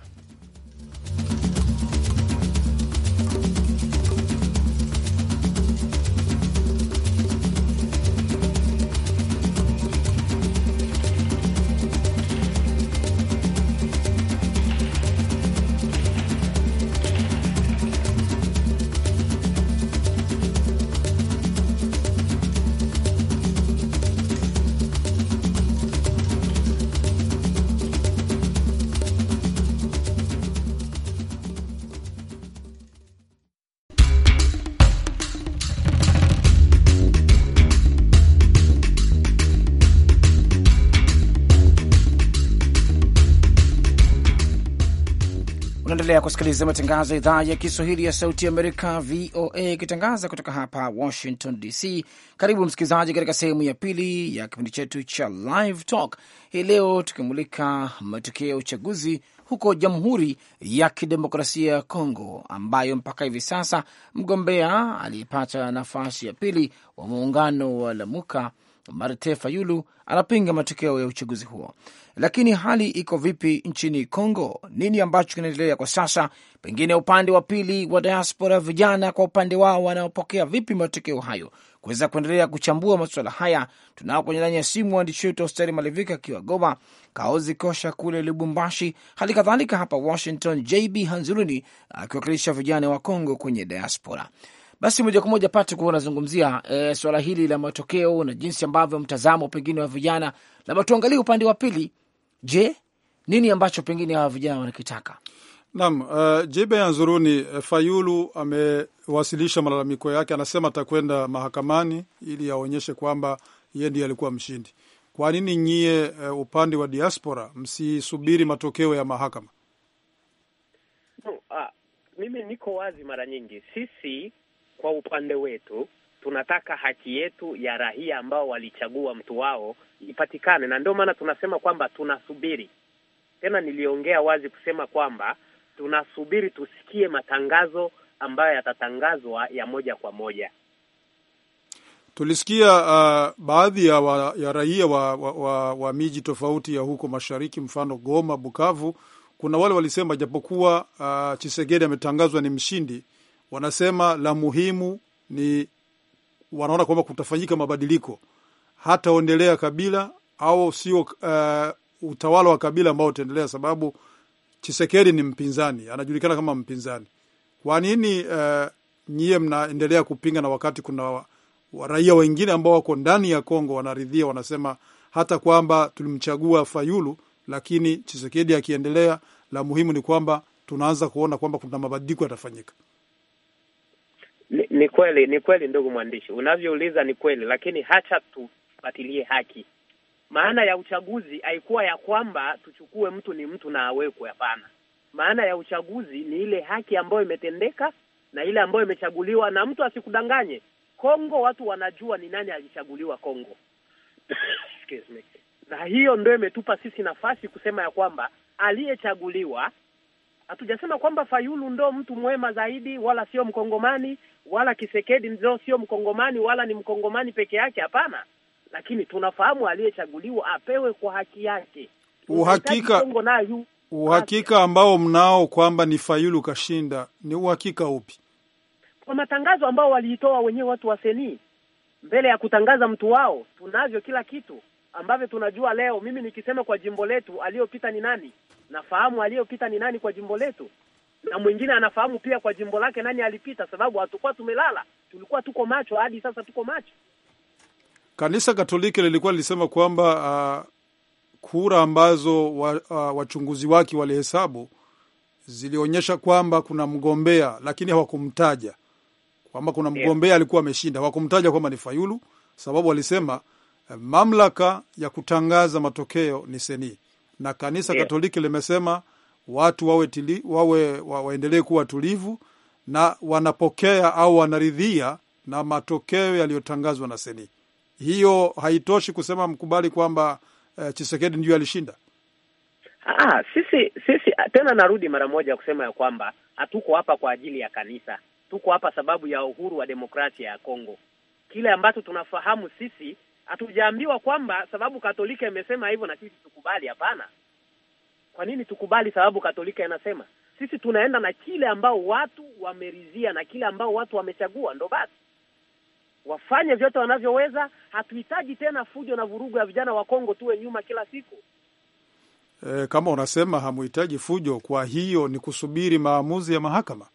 Unaendelea kusikiliza matangazo ya idhaa ya Kiswahili ya Sauti ya Amerika, VOA, ikitangaza kutoka hapa Washington DC. Karibu msikilizaji, katika sehemu ya pili ya kipindi chetu cha Live Talk hii leo, tukimulika matokeo ya uchaguzi huko Jamhuri ya Kidemokrasia ya Kongo, ambayo mpaka hivi sasa mgombea aliyepata nafasi ya pili wa muungano wa Lamuka Marte Fayulu anapinga matokeo ya uchaguzi huo. Lakini hali iko vipi nchini congo Nini ambacho kinaendelea kwa sasa? Pengine upande wa pili wa diaspora, vijana kwa upande wao wanaopokea vipi matokeo hayo? Kuweza kuendelea kuchambua masuala haya, tunao kwenye ndani ya simu waandishi wetu Austeri Malivika akiwa Goma, Kaozi Kosha kule Lubumbashi, hali kadhalika hapa Washington JB Hanzuluni akiwakilisha vijana wa congo kwenye diaspora. Basi moja kwa moja Patrick, unazungumzia e, eh, swala hili la matokeo na jinsi ambavyo mtazamo pengine wa vijana, labda tuangalie upande wa pili. Je, nini ambacho pengine hawa vijana wanakitaka? Naam, uh, eh, Jibe ya Nzuruni eh, Fayulu amewasilisha malalamiko yake, anasema atakwenda mahakamani ili aonyeshe kwamba yeye ndiye alikuwa mshindi. Kwa nini nyie, uh, upande wa diaspora msisubiri matokeo ya mahakama? No, uh, mimi niko wazi mara nyingi, sisi kwa upande wetu tunataka haki yetu ya rahia ambao walichagua mtu wao ipatikane, na ndio maana tunasema kwamba tunasubiri. Tena niliongea wazi kusema kwamba tunasubiri tusikie matangazo ambayo yatatangazwa ya moja kwa moja. Tulisikia uh, baadhi ya, wa, ya raia wa, wa, wa, wa miji tofauti ya huko mashariki, mfano Goma, Bukavu, kuna wale walisema japokuwa uh, Chisegedi ametangazwa ni mshindi wanasema la muhimu ni wanaona kwamba kutafanyika mabadiliko, hataondelea kabila au sio, uh, utawala wa kabila ambao utaendelea, sababu Chisekedi ni mpinzani, anajulikana kama mpinzani. Kwa nini uh, nyie mnaendelea kupinga na wakati kuna raia wengine ambao wako ndani ya Kongo wanaridhia, wanasema hata kwamba tulimchagua Fayulu, lakini Chisekedi akiendelea, la muhimu ni kwamba tunaanza kuona kwamba kuna mabadiliko yatafanyika. Ni, ni kweli ni kweli, ndugu mwandishi, unavyouliza ni kweli, lakini hacha tupatilie haki. Maana ya uchaguzi haikuwa ya kwamba tuchukue mtu ni mtu na awekwe, hapana. Maana ya uchaguzi ni ile haki ambayo imetendeka na ile ambayo imechaguliwa, na mtu asikudanganye. Kongo watu wanajua ni nani alichaguliwa Kongo. *coughs* Excuse me. Na hiyo ndio imetupa sisi nafasi kusema ya kwamba aliyechaguliwa Hatujasema kwamba Fayulu ndo mtu mwema zaidi, wala sio Mkongomani, wala Kisekedi ndo sio Mkongomani, wala ni Mkongomani peke yake. Hapana, lakini tunafahamu aliyechaguliwa apewe kwa haki yake. Uhakika, uhakika ambao mnao kwamba ni Fayulu kashinda ni uhakika upi? Kwa matangazo ambao waliitoa wenyewe watu wa seni mbele ya kutangaza mtu wao, tunavyo kila kitu ambavyo tunajua leo. Mimi nikisema kwa jimbo letu aliyopita ni nani, nafahamu aliyopita ni nani kwa jimbo letu, na mwingine anafahamu pia kwa jimbo lake nani alipita, sababu hatukuwa tumelala, tulikuwa tuko macho, hadi sasa tuko macho. Kanisa Katoliki lilikuwa lilisema kwamba uh, kura ambazo wa, uh, wachunguzi wake walihesabu zilionyesha kwamba kuna mgombea lakini hawakumtaja kwamba kuna mgombea alikuwa ameshinda, hawakumtaja kwamba ni Fayulu, sababu walisema eh, mamlaka ya kutangaza matokeo ni Seni na kanisa yeah, Katoliki limesema watu wawe, tili, wawe wa, waendelee kuwa tulivu na wanapokea au wanaridhia na matokeo yaliyotangazwa na seni. Hiyo haitoshi kusema mkubali kwamba eh, Chisekedi ndiyo alishinda. Ah, sisi sisi tena narudi mara moja kusema ya kwamba hatuko hapa kwa ajili ya kanisa, tuko hapa sababu ya uhuru wa demokrasia ya Kongo. Kile ambacho tunafahamu sisi hatujaambiwa kwamba sababu Katolika imesema hivyo na sisi tukubali. Hapana, kwa nini tukubali sababu Katolika inasema? Sisi tunaenda na kile ambao watu wameridhia na kile ambao watu wamechagua. Ndo basi wafanye vyote wanavyoweza. Hatuhitaji tena fujo na vurugu ya vijana wa Kongo tuwe nyuma kila siku. E, kama unasema hamuhitaji fujo, kwa hiyo ni kusubiri maamuzi ya mahakama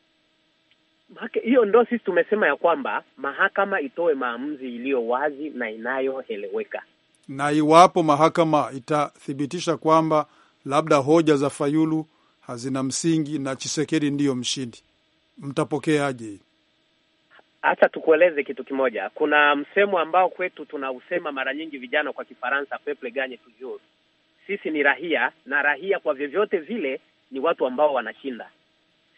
hiyo ndo sisi tumesema ya kwamba mahakama itoe maamuzi iliyo wazi na inayoeleweka, na iwapo mahakama itathibitisha kwamba labda hoja za Fayulu hazina msingi na Chisekedi ndiyo mshindi, mtapokeaje? hacha tukueleze kitu kimoja. Kuna msemo ambao kwetu tunausema mara nyingi vijana kwa Kifaransa, peuple gagne toujours. Sisi ni rahia na rahia kwa vyovyote vile ni watu ambao wanashinda.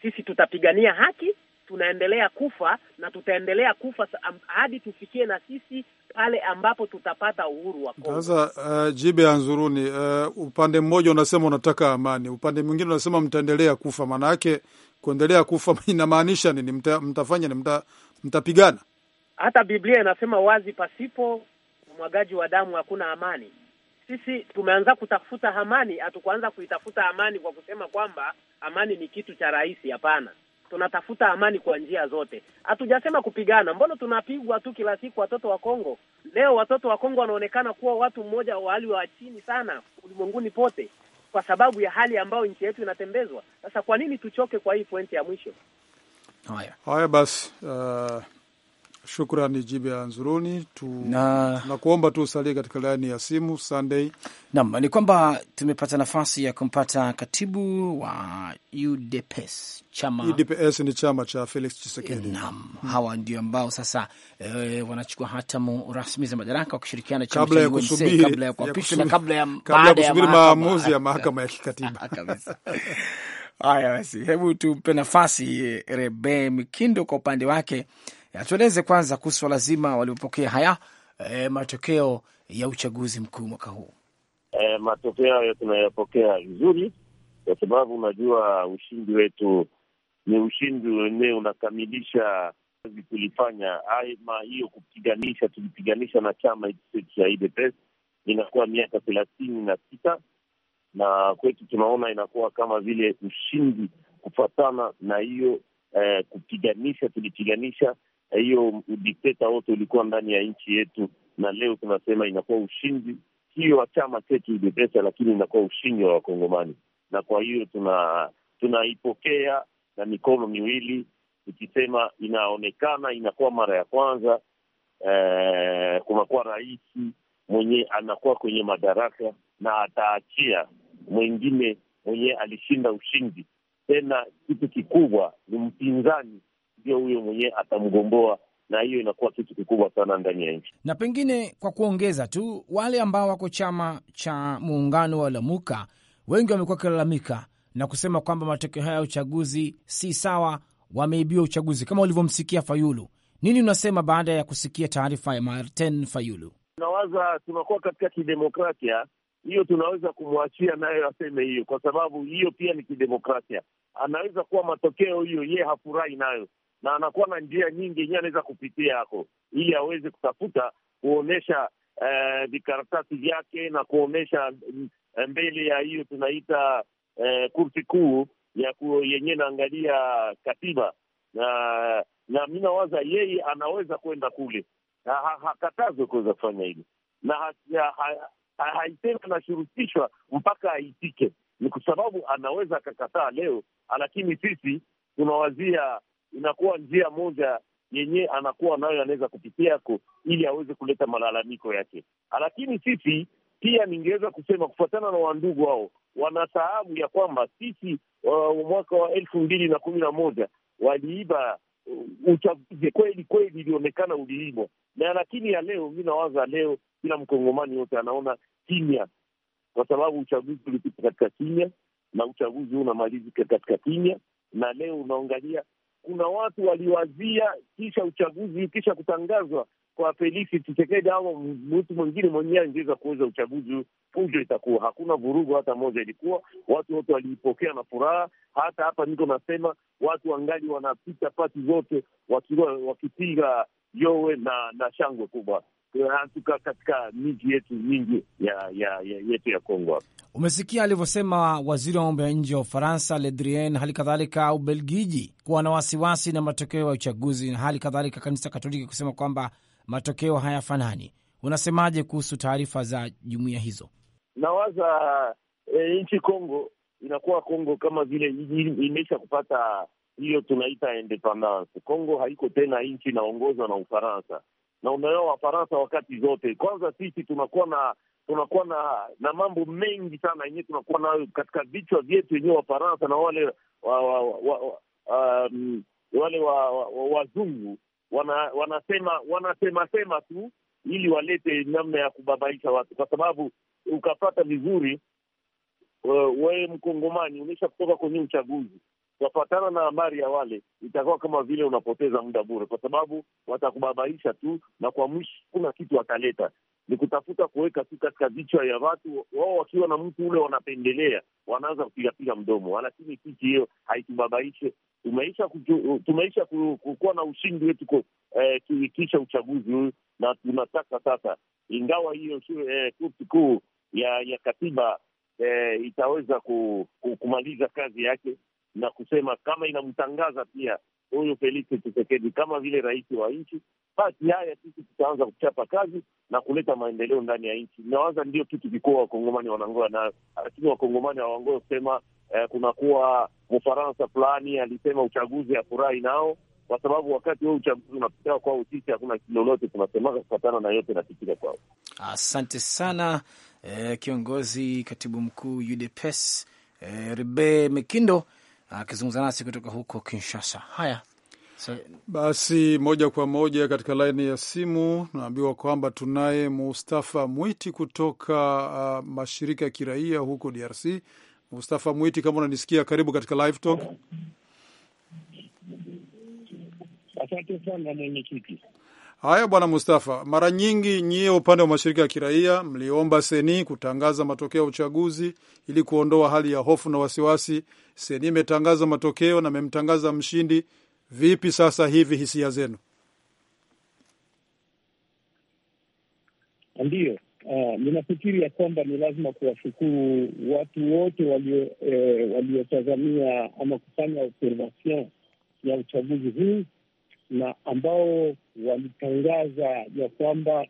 Sisi tutapigania haki tunaendelea kufa na tutaendelea kufa hadi tufikie na sisi pale ambapo tutapata uhuru wa Kongo. Sasa uh, jibe anzuruni uh, upande mmoja unasema unataka amani, upande mwingine unasema mtaendelea kufa. Maana yake kuendelea kufa *laughs* inamaanisha nini? Mta, mtafanya ni mta, mtapigana. Hata Biblia inasema wazi, pasipo umwagaji wa damu hakuna amani. Sisi tumeanza kutafuta amani, hatukuanza kuitafuta amani kwa kusema kwamba amani ni kitu cha rahisi. Hapana, tunatafuta amani kwa njia zote. Hatujasema kupigana, mbona tunapigwa tu kila siku watoto wa Kongo? Leo watoto wa Kongo wanaonekana kuwa watu mmoja wa hali wa chini sana ulimwenguni pote kwa sababu ya hali ambayo nchi yetu inatembezwa. Sasa kwa nini tuchoke kwa hii pointi ya mwisho? Haya haya, basi uh... Shukrani Jibe Nzuruni tu, na, na kuomba tu usalie katika laini ya simu Sunday. Naam, ni kwamba tumepata nafasi ya kumpata katibu wa UDPS chama. UDPS ni chama cha Felix Tshisekedi. Naam, hawa ndio ambao sasa e, wanachukua hatamu rasmi za madaraka wakishirikiana chama kabla ya kusubiri kabla ya kuapishwa na kabla ya baada ya kusubiri maamuzi ya mahakama ya kikatiba *laughs* kabisa. Haya basi, hebu tumpe nafasi eh, Rebe Mkindo kwa upande wake atueleze kwanza kuhusu swala zima waliopokea haya e, matokeo ya uchaguzi mkuu mwaka huu. E, matokeo hayo tunayapokea vizuri, kwa sababu unajua ushindi wetu ni ushindi wenyewe unakamilisha kazi tulifanya, ama hiyo kupiganisha, tulipiganisha na chama chetu cha UDPS inakuwa miaka thelathini na sita na kwetu tunaona inakuwa kama vile ushindi kufatana na hiyo eh, kupiganisha tulipiganisha Eh, hiyo udikteta wote ulikuwa ndani ya nchi yetu, na leo tunasema inakuwa ushindi sio wa chama chetu UDPS, lakini inakuwa ushindi wa Wakongomani, na kwa hiyo tuna tunaipokea na mikono miwili tukisema, inaonekana inakuwa mara ya kwanza eh, kunakuwa rais mwenye anakuwa kwenye madaraka na ataachia mwengine mwenyee alishinda ushindi. Tena kitu kikubwa ni mpinzani pia huyo mwenyewe atamgomboa, na hiyo inakuwa kitu kikubwa sana ndani ya nchi. Na pengine kwa kuongeza tu, wale ambao wako chama cha muungano wa Lamuka wengi wamekuwa wakilalamika na kusema kwamba matokeo haya ya uchaguzi si sawa, wameibiwa uchaguzi, kama ulivyomsikia Fayulu. Nini unasema baada ya kusikia taarifa ya Martin Fayulu? Nawaza tunakuwa katika kidemokrasia hiyo, tunaweza kumwachia nayo aseme hiyo, kwa sababu hiyo pia ni kidemokrasia. Anaweza kuwa matokeo hiyo ye hafurahi nayo, na anakuwa na njia nyingi yenyewe anaweza kupitia hapo ili aweze kutafuta kuonyesha vikaratasi eh, vikaratasi vyake na kuonyesha eh, mbele ya hiyo tunaita uh, kurti kuu ya yenyewe naangalia katiba na na mi nawaza yeye anaweza kwenda kule, hakatazwe kuweza kufanya hili na haitena ha, ha, anashurutishwa mpaka aitike. Ni kwa sababu anaweza akakataa leo, lakini sisi tunawazia inakuwa njia moja yenye anakuwa nayo anaweza kupitia ko ili aweze kuleta malalamiko yake. Lakini sisi pia ningeweza kusema kufuatana na wandugu hao wanasahabu ya kwamba sisi uh, mwaka wa elfu mbili na kumi na moja waliiba uh, uchaguzi kweli kweli, ilionekana uliibwa na, lakini ya leo, mi nawaza leo kila mkongomani yote anaona kimya, kwa sababu uchaguzi ulipita katika kimya na uchaguzi huu unamalizika katika kimya, na leo unaangalia kuna watu waliwazia kisha uchaguzi kisha kutangazwa kwa Felisi Chisekedi au mtu mwingine mwenyewe angeweza kuweza uchaguzi fujo itakuwa hakuna vurugu hata moja. Ilikuwa watu wote waliipokea na furaha. Hata hapa niko nasema watu wangali wanapita pati zote wakipiga yowe na na shangwe kubwa. Eh, katika miji yetu mingi ya, ya, ya yetu ya Kongo. Umesikia alivyosema waziri wa mambo ya nje wa Ufaransa Ledrien, hali kadhalika Ubelgiji kuwa na wasiwasi na matokeo ya uchaguzi, na hali kadhalika kanisa Katoliki kusema kwamba matokeo hayafanani. Unasemaje kuhusu taarifa za jumuiya hizo? Nawaza e, nchi Kongo inakuwa Kongo kama vile imeisha kupata hiyo tunaita independence. Kongo haiko tena nchi inaongozwa na Ufaransa na unaelewa Wafaransa wakati zote. Kwanza sisi tunakuwa na tunakuwa na na mambo mengi sana yenyewe tunakuwa nayo katika vichwa vyetu wenyewe Wafaransa na wale wa, wa, wa, wa, um, wale wazungu wa, wa wana, wanasema wanasemasema tu ili walete namna ya kubabaisha watu, kwa sababu ukapata vizuri uh, wewe Mkongomani unaisha kutoka kwenye uchaguzi Kufuatana na habari ya wale, itakuwa kama vile unapoteza muda bure, kwa sababu watakubabaisha tu, na kwa mwisho kuna kitu wataleta ni kutafuta kuweka tu katika vichwa ya watu wao, wakiwa na mtu ule wanapendelea, wanaanza kupigapiga mdomo. Lakini kiti hiyo haitubabaishe, tumeisha tumeisha kuwa na ushindi wetu eh, kiwikisha uchaguzi huyu, na tunataka sasa, ingawa hiyo eh, kurti kuu ya ya katiba eh, itaweza ku, ku, kumaliza kazi yake, na kusema kama inamtangaza pia huyu Felix chisekedi kama vile rais wa nchi, basi haya sisi tutaanza kuchapa kazi na kuleta maendeleo ndani ya nchi. Nawaza ndio kitu kikuu wakongomani wanangoa nayo, lakini wakongomani hawangoe kusema eh, kunakuwa mfaransa fulani alisema uchaguzi afurahi nao kwa sababu wakati huo uchaguzi unapitia kwao, sisi hakuna lolote tunasemaka kufatana na yote inapitika kwao. Asante sana eh, kiongozi katibu mkuu UDPS eh, Ribe Mekindo akizungumza nasi kutoka huko Kinshasa. Haya so, basi moja kwa moja katika laini ya simu naambiwa kwamba tunaye Mustafa Mwiti kutoka uh, mashirika ya kiraia huko DRC. Mustafa Mwiti, kama unanisikia, karibu katika live talk. Asante sana mwenyekiti. Haya bwana Mustafa, mara nyingi nyie upande wa mashirika ya kiraia mliomba seni kutangaza matokeo ya uchaguzi ili kuondoa hali ya hofu na wasiwasi Seni imetangaza matokeo na memtangaza mshindi. Vipi sasa hivi hisia zenu? Ndiyo, eh, ninafikiri ya kwamba ni lazima kuwashukuru watu wote eh, waliotazamia eh, ama kufanya observation ya uchaguzi huu na ambao walitangaza ya kwamba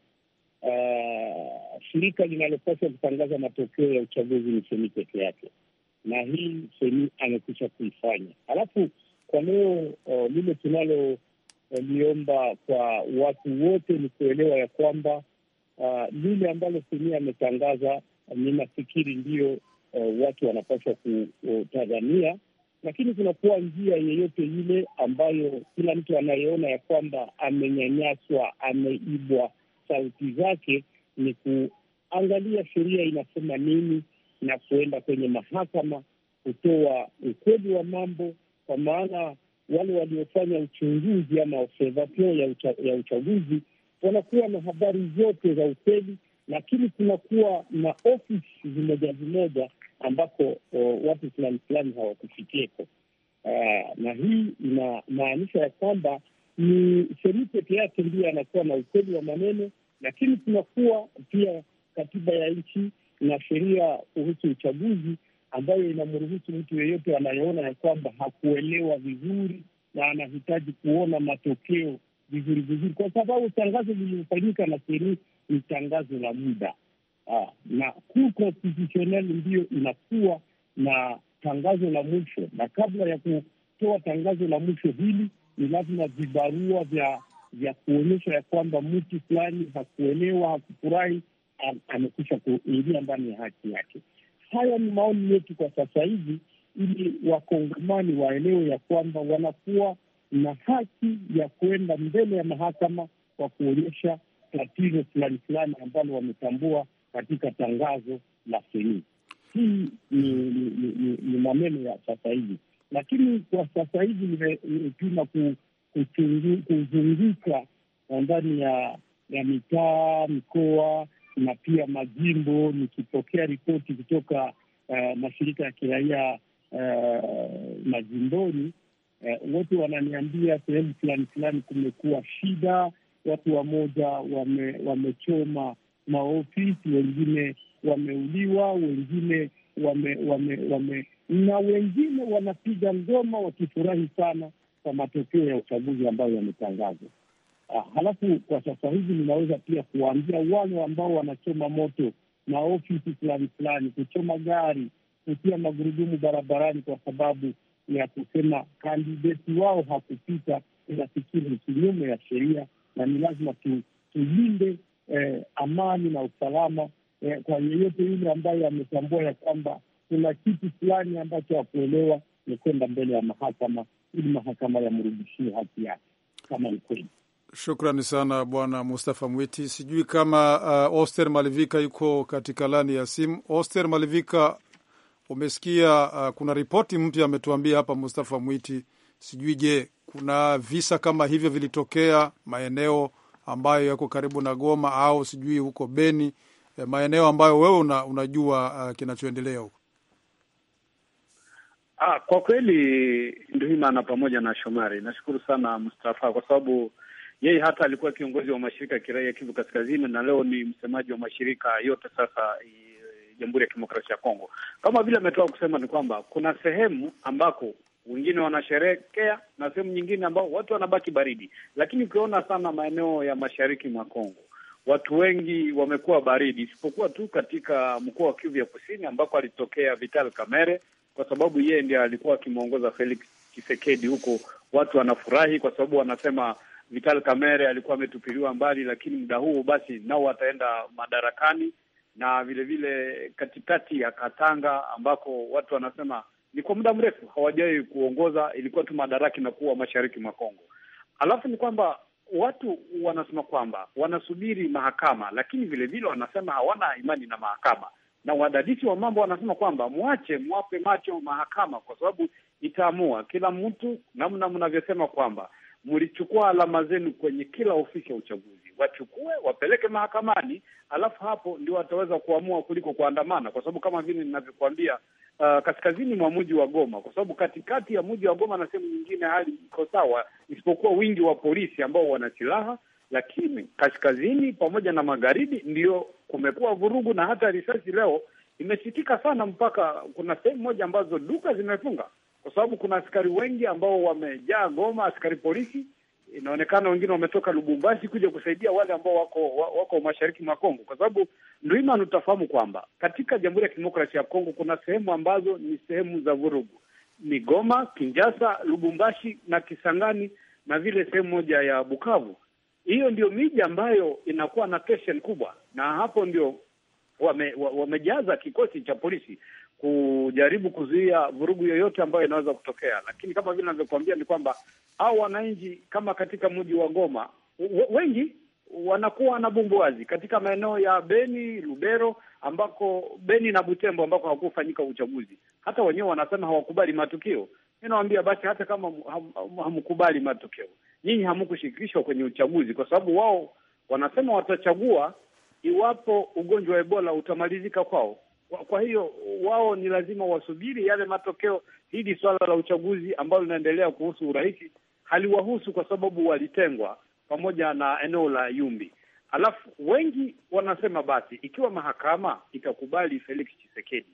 uh, shirika linalopaswa kutangaza matokeo ya uchaguzi ni Seni peke yake na hii semi amekwisha kuifanya. Halafu kwa leo uh, lile tunaloliomba eh, uh, kwa watu wote ni kuelewa ya kwamba uh, lile ambalo seni ametangaza uh, ninafikiri ndiyo uh, watu wanapaswa kutazamia, lakini kunakuwa njia yeyote ile ambayo kila mtu anayeona ya kwamba amenyanyaswa, ameibwa sauti zake, ni kuangalia sheria inasema nini na kuenda kwenye mahakama kutoa ukweli wa mambo, kwa maana wale waliofanya uchunguzi ama observation ya, ucha, ya uchaguzi wanakuwa na habari zote za ukweli, lakini kunakuwa na ofisi zimoja zimoja ambako o, watu fulani fulani hawakufikieko. Uh, ah, na hii inamaanisha ya kwamba ni sehemu peke yake ndiyo anakuwa na ukweli wa maneno, lakini kunakuwa pia katiba ya nchi na sheria kuhusu uchaguzi ambayo inamruhusu mtu yeyote anayeona ya kwamba hakuelewa vizuri na anahitaji kuona matokeo vizuri vizuri, kwa sababu tangazo lililofanyika na seri ni tangazo la muda ah, na kuu ndiyo inakuwa na tangazo la mwisho, na kabla ya kutoa tangazo la mwisho hili ni lazima vibarua vya vya kuonyesha ya kwamba mtu fulani hakuelewa, hakufurahi amekwisha kuingia ndani ya haki yake. Haya ni maoni yetu kwa sasa hivi, ili wakongomani waelewe ya kwamba wanakuwa na haki ya kuenda mbele ya mahakama kwa kuonyesha tatizo fulani fulani ambalo wametambua katika tangazo la seni. Hii ni, ni, ni, ni maneno ya sasa hivi, lakini kwa sasa hivi nimepima kuzunguka eh, ndani ya ya mitaa, mikoa na pia majimbo, nikipokea ripoti kutoka uh, mashirika ya kiraia uh, majimboni uh, wote wananiambia sehemu fulani fulani kumekuwa shida, watu wamoja wame, wamechoma maofisi, wengine wameuliwa, wengine wame, wame, wame na wengine wanapiga ngoma wakifurahi sana kwa matokeo ya uchaguzi ambayo yametangazwa. Ah, halafu kwa sasa hivi ninaweza pia kuwaambia wale ambao wanachoma moto na ofisi fulani fulani, kuchoma gari, kutia magurudumu barabarani kwa sababu ya kusema kandideti wao hakupita, inafikiri ni kinyume ya sheria na ni lazima tulinde eh, amani na usalama eh, kwa yeyote yule ambaye ametambua ya kwamba kuna kitu fulani ambacho hakuelewa, ni kwenda mbele ya mahakama ili mahakama yamrudishie haki yake kama ni kweli. Shukrani sana bwana Mustafa Mwiti. Sijui kama uh, Oster Malivika yuko katika lani ya simu. Oster Malivika, umesikia uh, kuna ripoti mpya ametuambia hapa Mustafa Mwiti. Sijui je, kuna visa kama hivyo vilitokea maeneo ambayo yako karibu na Goma au sijui huko Beni, eh, maeneo ambayo wewe una, unajua uh, kinachoendelea huko? Ah, kwa kweli ndio hii maana pamoja na Shomari. Nashukuru sana Mustafa kwa sababu yeye hata alikuwa kiongozi wa mashirika ya kiraia Kivu Kaskazini, na leo ni msemaji wa mashirika yote sasa eh, Jamhuri ya Kidemokrasia ya Kongo. Kama vile ametoka kusema ni kwamba kuna sehemu ambako wengine wanasherekea na sehemu nyingine ambao watu wanabaki baridi, lakini ukiona sana maeneo ya mashariki mwa Kongo watu wengi wamekuwa baridi, isipokuwa tu katika mkoa wa Kivu ya Kusini ambako alitokea Vital Kamerhe, kwa sababu yeye ndiye alikuwa akimwongoza Felix Tshisekedi. Huko watu wanafurahi kwa sababu wanasema Vital Kamerhe alikuwa ametupiliwa mbali, lakini muda huu basi nao wataenda madarakani, na vile vile katikati ya Katanga ambako watu wanasema ni kwa muda mrefu hawajawahi kuongoza, ilikuwa tu madaraki na kuwa mashariki mwa Kongo. Alafu ni kwamba watu wanasema kwamba wanasubiri mahakama, lakini vile vile wanasema hawana imani na mahakama, na wadadisi wa mambo wanasema kwamba mwache, mwape macho mahakama, kwa sababu itaamua kila mtu namna mnavyosema kwamba mlichukua alama zenu kwenye kila ofisi ya uchaguzi, wachukue wapeleke mahakamani, alafu hapo ndio wataweza kuamua kuliko kuandamana, kwa sababu kama vile ninavyokuambia Uh, kaskazini mwa mji wa Goma kwa sababu katikati ya mji wa Goma na sehemu nyingine hali iko sawa, isipokuwa wingi wa polisi ambao wana silaha, lakini kaskazini pamoja na magharibi ndio kumekuwa vurugu, na hata risasi leo imesikika sana, mpaka kuna sehemu moja ambazo duka zimefunga kwa sababu kuna askari wengi ambao wamejaa Goma, askari polisi inaonekana wengine wametoka Lubumbashi kuja kusaidia wale ambao wako wako mashariki mwa Kongo, kwa sababu Ndwimana, utafahamu kwamba katika Jamhuri ya Kidemokrasia ya Kongo kuna sehemu ambazo ni sehemu za vurugu, ni Goma, kinjasa Lubumbashi na Kisangani na vile sehemu moja ya Bukavu. Hiyo ndio miji ambayo inakuwa na tension kubwa, na hapo ndio wame, wamejaza kikosi cha polisi kujaribu kuzuia vurugu yoyote ambayo inaweza kutokea. Lakini kama vile navyokuambia ni kwamba au wananchi kama katika mji wa Goma wengi wanakuwa na bumbuazi katika maeneo ya Beni, Lubero ambako Beni na Butembo ambako hakufanyika uchaguzi, hata wenyewe wanasema hawakubali matukio. inawambia basi, hata kama hamkubali ham, ham, matokeo, nyinyi hamkushirikishwa kwenye uchaguzi, kwa sababu wao wanasema watachagua iwapo ugonjwa wa Ebola utamalizika kwao. Kwa hiyo wao ni lazima wasubiri yale matokeo. Hili swala la uchaguzi ambalo linaendelea kuhusu urais haliwahusu kwa sababu walitengwa pamoja na eneo la Yumbi. Alafu wengi wanasema basi, ikiwa mahakama itakubali Felix chisekedi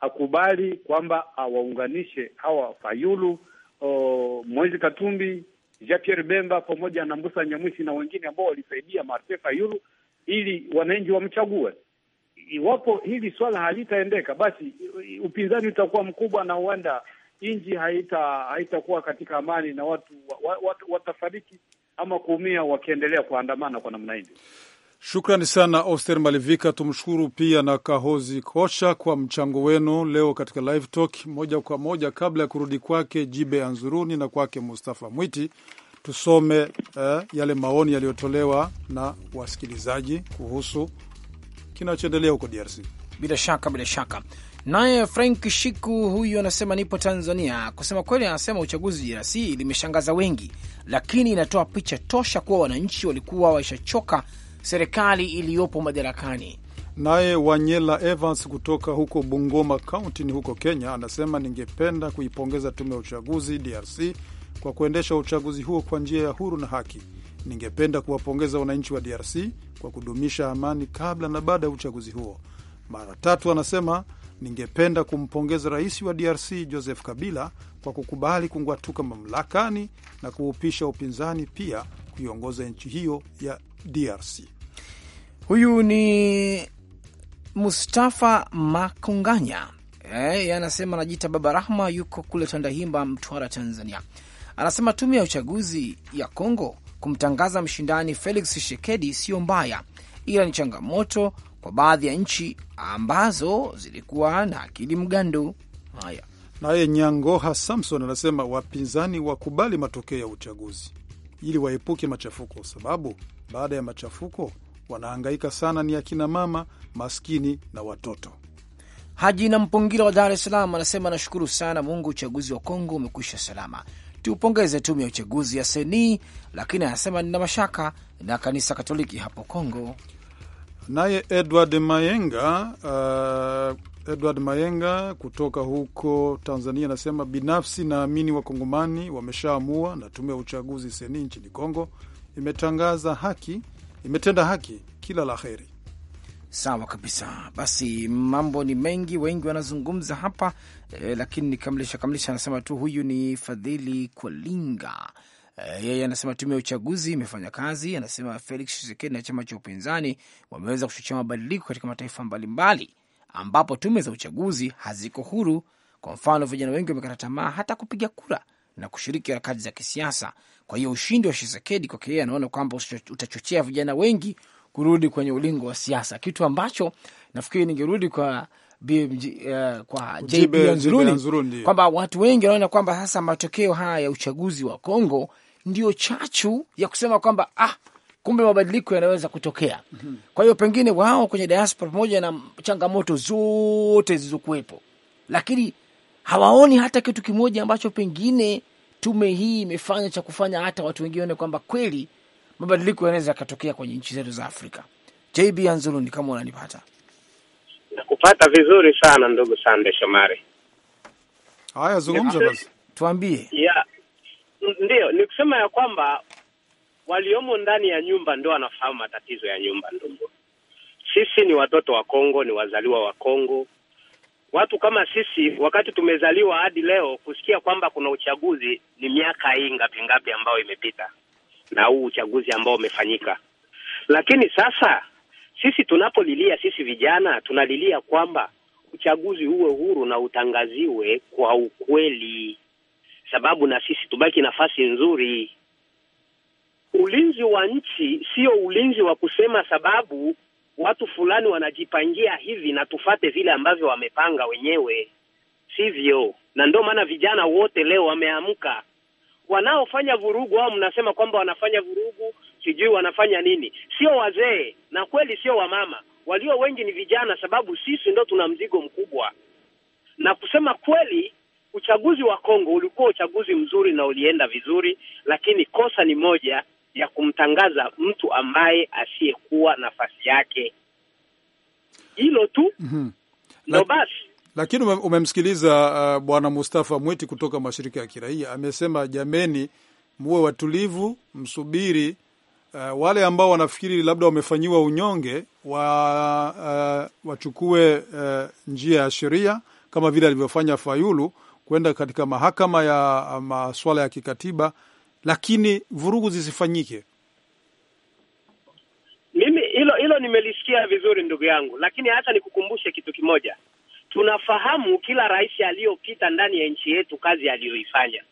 akubali kwamba awaunganishe hawa Fayulu, o, Moise Katumbi, Jean Pierre Bemba pamoja na Mbusa Nyamwisi na wengine ambao walisaidia Martin Fayulu ili wananchi wamchague, iwapo hili swala halitaendeka, basi upinzani utakuwa mkubwa na huenda nchi haita haitakuwa katika amani na watu, wat, watafariki ama kuumia wakiendelea kuandamana kwa namna hii Shukrani sana Oster Malivika, tumshukuru pia na Kahozi Kosha kwa mchango wenu leo katika Live Talk moja kwa moja. Kabla ya kurudi kwake Jibe Anzuruni na kwake Mustafa Mwiti, tusome eh, yale maoni yaliyotolewa na wasikilizaji kuhusu kinachoendelea huko DRC. Bila shaka, bila shaka. Naye Frank Shiku huyu anasema nipo Tanzania. Kusema kweli, anasema uchaguzi DRC limeshangaza wengi, lakini inatoa picha tosha kuwa wananchi walikuwa waishachoka serikali iliyopo madarakani. Naye Wanyela Evans kutoka huko Bungoma Kaunti ni huko Kenya anasema ningependa kuipongeza tume ya uchaguzi DRC kwa kuendesha uchaguzi huo kwa njia ya huru na haki. Ningependa kuwapongeza wananchi wa DRC kwa kudumisha amani kabla na baada ya uchaguzi huo. Mara tatu anasema ningependa kumpongeza rais wa DRC Joseph Kabila kwa kukubali kung'atuka mamlakani na kuupisha upinzani, pia kuiongoza nchi hiyo ya DRC. Huyu ni Mustafa Makunganya eh, anasema anajiita Baba Rahma, yuko kule Tandahimba, Mtwara, Tanzania. Anasema tume ya uchaguzi ya congo kumtangaza mshindani Felix Tshisekedi siyo mbaya, ila ni changamoto kwa baadhi ya nchi ambazo zilikuwa na akili mgando. Haya, naye Nyangoha Samson anasema wapinzani wakubali matokeo ya uchaguzi ili waepuke machafuko, sababu baada ya machafuko wanahangaika sana ni akina mama maskini na watoto. Haji na Mpungira wa Dar es Salaam anasema anashukuru sana Mungu, uchaguzi wa Kongo umekwisha salama tuupongeze tume ya uchaguzi ya Seni, lakini anasema nina mashaka na kanisa Katoliki hapo Kongo. Naye Edward Mayenga uh, Edward Mayenga kutoka huko Tanzania anasema binafsi naamini wakongomani wameshaamua, na tume ya uchaguzi Seni nchini Kongo imetangaza haki, imetenda haki. Kila la heri. Sawa kabisa. Basi mambo ni mengi, wengi wanazungumza hapa e, lakini nikamlisha kamlisha, anasema tu huyu ni Fadhili Kwalinga eh, yeye anasema tume ya uchaguzi imefanya kazi. Anasema Felix Tshisekedi na chama cha upinzani wameweza kuchochea mabadiliko katika mataifa mbalimbali ambapo tume za uchaguzi haziko huru. Kwa mfano, vijana wengi wamekata tamaa hata kupiga kura na kushiriki harakati za kisiasa. Kwa hiyo ushindi wa Tshisekedi kwake yeye anaona kwamba utachochea vijana wengi kurudi kwenye ulingo wa siasa, kitu ambacho nafikiri ningerudi kwa uh, kwa JB Anzuruni kwamba watu wengi wanaona kwamba sasa matokeo haya ya uchaguzi wa Kongo ndio chachu ya kusema kwamba ah, kumbe mabadiliko yanaweza kutokea. Mhm. Kwa hiyo pengine wao kwenye diaspora, pamoja na changamoto zote zilizokuwepo, lakini hawaoni hata kitu kimoja ambacho pengine tume hii imefanya cha kufanya hata watu wengine waone kwamba kweli mabadiliko yanaweza yakatokea kwenye nchi zetu za Afrika. JB Anzuruni, kama unanipata Nakupata vizuri sana ndugu Sande Shomari. Haya, zungumza basi, tuambie. Yeah, ni kusema ya kwamba waliomo ndani ya nyumba ndio wanafahamu matatizo ya nyumba. Ndugu, sisi ni watoto wa Kongo, ni wazaliwa wa Kongo. Watu kama sisi, wakati tumezaliwa hadi leo, kusikia kwamba kuna uchaguzi ni miaka hii ngapi ngapi ambayo imepita na huu uchaguzi ambao umefanyika, lakini sasa sisi tunapolilia sisi vijana tunalilia kwamba uchaguzi uwe huru na utangaziwe kwa ukweli, sababu na sisi tubaki nafasi nzuri. Ulinzi wa nchi sio ulinzi wa kusema sababu watu fulani wanajipangia hivi na tufate vile ambavyo wamepanga wenyewe, sivyo? Na ndio maana vijana wote leo wameamka. Wanaofanya vurugu, au mnasema kwamba wanafanya vurugu, sijui wanafanya nini. Sio wazee na kweli sio wamama, walio wengi ni vijana, sababu sisi ndo tuna mzigo mkubwa. Na kusema kweli, uchaguzi wa Kongo ulikuwa uchaguzi mzuri na ulienda vizuri, lakini kosa ni moja ya kumtangaza mtu ambaye asiyekuwa nafasi yake. Hilo tu mm -hmm. Ndo basi lakini umemsikiliza uh, Bwana Mustafa Mwiti kutoka mashirika ya kiraia amesema, jameni, muwe watulivu, msubiri Uh, wale ambao wanafikiri labda wamefanyiwa unyonge wa, uh, wachukue uh, njia ya sheria kama vile alivyofanya Fayulu kwenda katika mahakama ya masuala ya kikatiba, lakini vurugu zisifanyike. Mimi hilo hilo nimelisikia vizuri ndugu yangu, lakini hata nikukumbushe kitu kimoja. Tunafahamu kila rais aliyopita ndani ya nchi yetu kazi aliyoifanya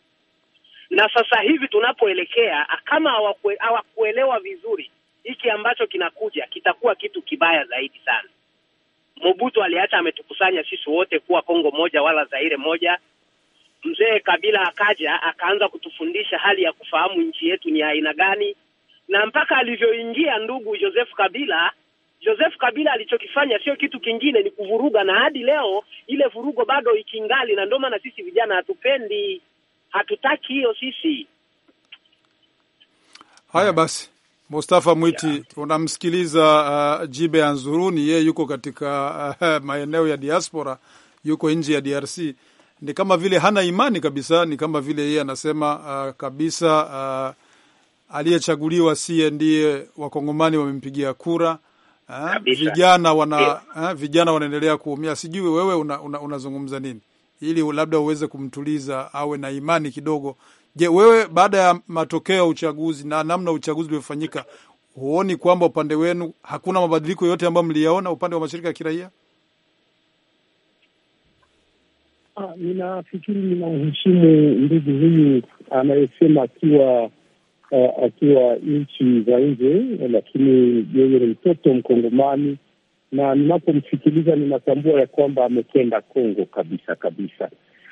na sasa hivi tunapoelekea, kama hawakuelewa vizuri hiki ambacho kinakuja, kitakuwa kitu kibaya zaidi sana. Mobutu aliacha ametukusanya sisi wote kuwa Kongo moja wala Zaire moja. Mzee Kabila akaja akaanza kutufundisha hali ya kufahamu nchi yetu ni aina gani, na mpaka alivyoingia ndugu Joseph Kabila Joseph Kabila alichokifanya sio kitu kingine, ni kuvuruga, na hadi leo ile vurugo bado ikingali, na ndio maana sisi vijana hatupendi hatutaki hiyo sisi. Haya basi, Mustafa Mwiti yeah. Unamsikiliza uh, Jibe Anzuruni, yeye yuko katika uh, *laughs* maeneo ya diaspora, yuko nje ya DRC. Ni kama vile hana imani kabisa, ni kama vile yeye anasema uh, kabisa uh, aliyechaguliwa siye ndiye wakongomani wamempigia kura. uh, vijana wana yeah. Uh, vijana wanaendelea kuumia. Sijui wewe unazungumza una, una nini? ili labda uweze kumtuliza awe na imani kidogo. Je, wewe baada ya matokeo ya uchaguzi na namna uchaguzi uliofanyika, huoni kwamba upande wenu hakuna mabadiliko yote ambayo mliyaona upande wa mashirika ya kiraia? Ah, ninafikiri ninamheshimu ndugu huyu anayesema akiwa ah, akiwa nchi za nje, lakini yeye ni mtoto mkongomani na ninapomsikiliza ninatambua ya kwamba amekwenda Kongo kabisa kabisa.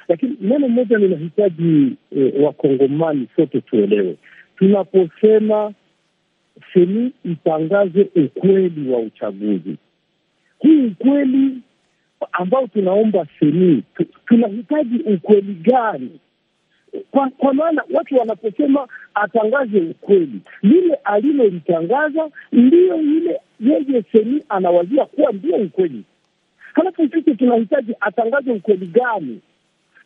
Lakini neno mmoja ninahitaji e, wakongomani sote tuelewe, tunaposema seni itangaze ukweli wa uchaguzi huu, ukweli ambao tunaomba seni tu, tunahitaji ukweli gani? Kwa, kwa maana watu wanaposema atangaze ukweli, lile alilolitangaza ndiyo ile yeye semi anawazia kuwa ndio ukweli. Halafu sisi tunahitaji atangaze ukweli gani?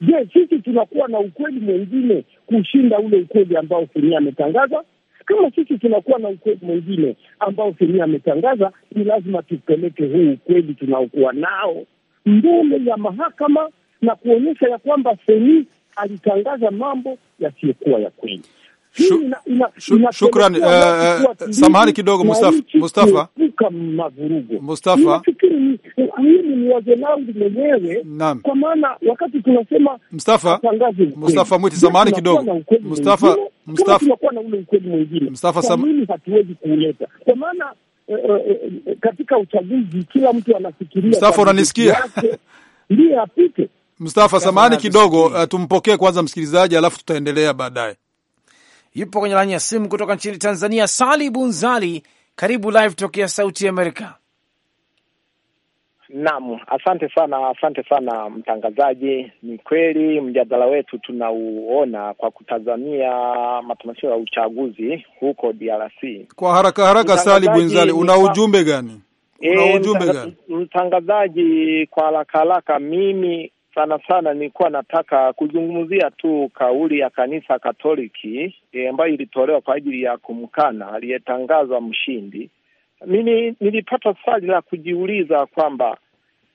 Je, sisi tunakuwa na ukweli mwingine kushinda ule ukweli ambao semi ametangaza? Kama sisi tunakuwa na ukweli mwingine ambao semi ametangaza, ni lazima tupeleke huu ukweli tunaokuwa nao mbele ya mahakama na kuonyesha ya kwamba semi alitangaza mambo yasiyokuwa ya kweli. Shukran. Eh, eh, samahani kidogo, Mustafa. Mustafa, mimi ni wazo langu mwenyewe, kwa maana wakati tunasema Mustafa, Mustafa Mwiti, samahani kidogo, Mustafa, Mustafa, tunakuwa na ule ukweli mwingine, Mustafa, hatuwezi kwa maana eh, katika uchaguzi kila mtu anafikiria. Mustafa, unanisikia? Ndiye apite. Mustafa, samahani kidogo, tumpokee kwanza msikilizaji, alafu tutaendelea baadaye. Yupo kwenye laini ya simu kutoka nchini Tanzania, Sali Bunzali, karibu live tokea Sauti Amerika. Naam, asante sana, asante sana mtangazaji. Ni kweli mjadala wetu tunauona kwa kutazamia matamasho ya uchaguzi huko DRC. Kwa haraka haraka, Sali Bunzali, una ujumbe gani? Una eh, ujumbe gani? E, mtangazaji, kwa haraka haraka, mimi sana sana nilikuwa nataka kuzungumzia tu kauli ya kanisa Katoliki eh, ambayo ilitolewa kwa ajili ya kumkana aliyetangazwa mshindi. Mimi nilipata swali la kujiuliza kwamba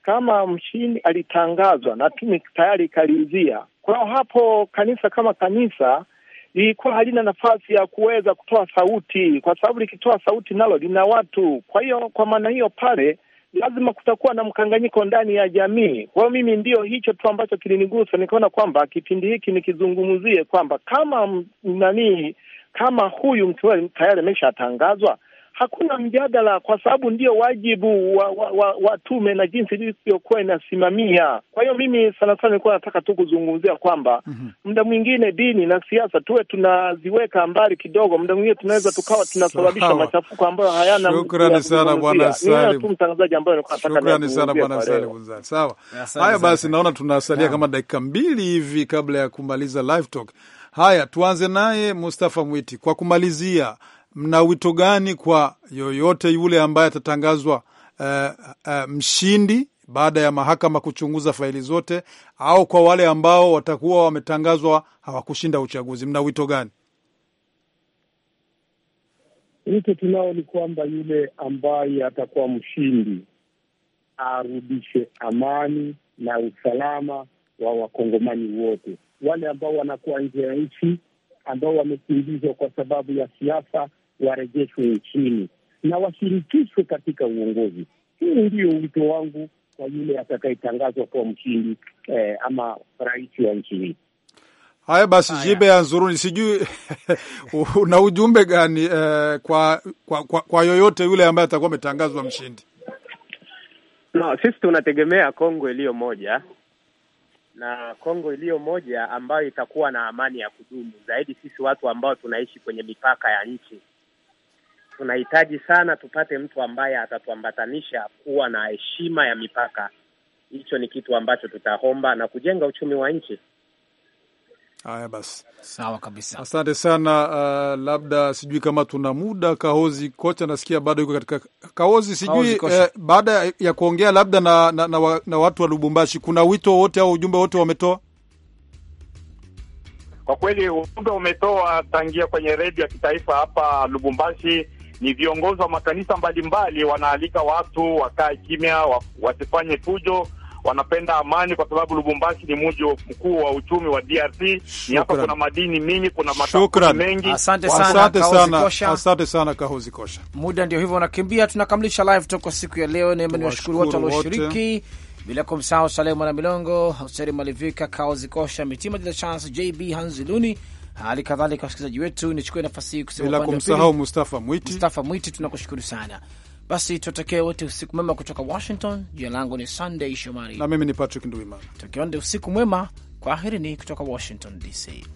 kama mshindi alitangazwa na tume tayari ikalizia, kwa hapo kanisa kama kanisa lilikuwa halina nafasi ya kuweza kutoa sauti, kwa sababu likitoa sauti nalo lina watu. Kwa hiyo kwa maana hiyo pale lazima kutakuwa na mkanganyiko ndani ya jamii. Kwa hiyo mimi ndio hicho tu ambacho kilinigusa, nikaona kwamba kipindi hiki nikizungumzie kwamba kama nanii, kama huyu mtu tayari ameshatangazwa hakuna mjadala, kwa sababu ndio wajibu wa, wa, wa, wa tume na jinsi ilivyokuwa inasimamia. Kwa hiyo mimi sana sana nilikuwa nataka tu kuzungumzia kwamba mm -hmm. mwingine dini na siasa tuwe tunaziweka mbali kidogo, muda mwingine tunaweza tukawa tunasababisha machafuko ambayo hayana. Shukrani sana bwana Salim, tu mtangazaji nilikuwa nataka. Shukrani sana bwana Salim Sawa, haya basi, naona tunasalia kama dakika mbili hivi kabla ya kumaliza live talk. Haya, tuanze naye Mustafa Mwiti kwa kumalizia mna wito gani kwa yoyote yule ambaye atatangazwa uh, uh, mshindi baada ya mahakama kuchunguza faili zote, au kwa wale ambao watakuwa wametangazwa hawakushinda uchaguzi, mna wito gani? Wito tunao ni kwamba yule ambaye atakuwa mshindi arudishe amani na usalama wa wakongomani wote. Wale ambao wanakuwa nje ya nchi, ambao wamekimbizwa kwa sababu ya siasa, warejeshwe nchini na washirikishwe katika uongozi. Huu ndio wito wangu kwa yule atakayetangazwa kuwa mshindi eh, ama rais wa nchi hii. Haya basi, jibe ya nzuruni, sijui *laughs* una ujumbe gani eh, kwa, kwa, kwa, kwa yoyote yule ambaye atakuwa ametangazwa mshindi? No, sisi tunategemea Kongo iliyo moja na Kongo iliyo moja ambayo itakuwa na amani ya kudumu zaidi. Sisi watu ambao tunaishi kwenye mipaka ya nchi tunahitaji sana tupate mtu ambaye atatuambatanisha kuwa na heshima ya mipaka. Hicho ni kitu ambacho tutaomba na kujenga uchumi wa nchi. Haya basi, sawa kabisa, asante sana. Uh, labda sijui kama tuna muda. Kahozi kocha nasikia bado yuko katika Kahozi sijui eh, baada ya kuongea labda na, na, na, na watu wa Lubumbashi, kuna wito wote au ujumbe wote wametoa? Kwa kweli ujumbe umetoa tangia kwenye redio ya kitaifa hapa Lubumbashi ni viongozi wa makanisa mbalimbali wanaalika watu wakae kimya, wasifanye fujo. Wanapenda amani kwa sababu Lubumbashi ni mji mkuu wa uchumi wa DRC. Ni hapa kuna madini mingi, kuna matafiti mengi. Asante sana, asante sana Kahozi Kosha. Muda ndio hivyo unakimbia, tunakamilisha live toko kwa siku ya leo. Naomba niwashukuru watu walioshiriki bila kumsahau salemu Mwana Milongo, Huseri Malivika, Kaozi Kosha, Mitima de la Chance, JB Hanziluni Hali kadhalika wasikilizaji wetu, nichukue nafasi hii kusema bila kumsahau Mustafa Mwiti. Mustafa Mwiti, tunakushukuru sana. Basi tuwatakia wote usiku mwema kutoka Washington. Jina langu ni Sunday Shomari na mimi ni Patrick Nduimana. Tukionde usiku mwema, kwaherini kutoka Washington DC.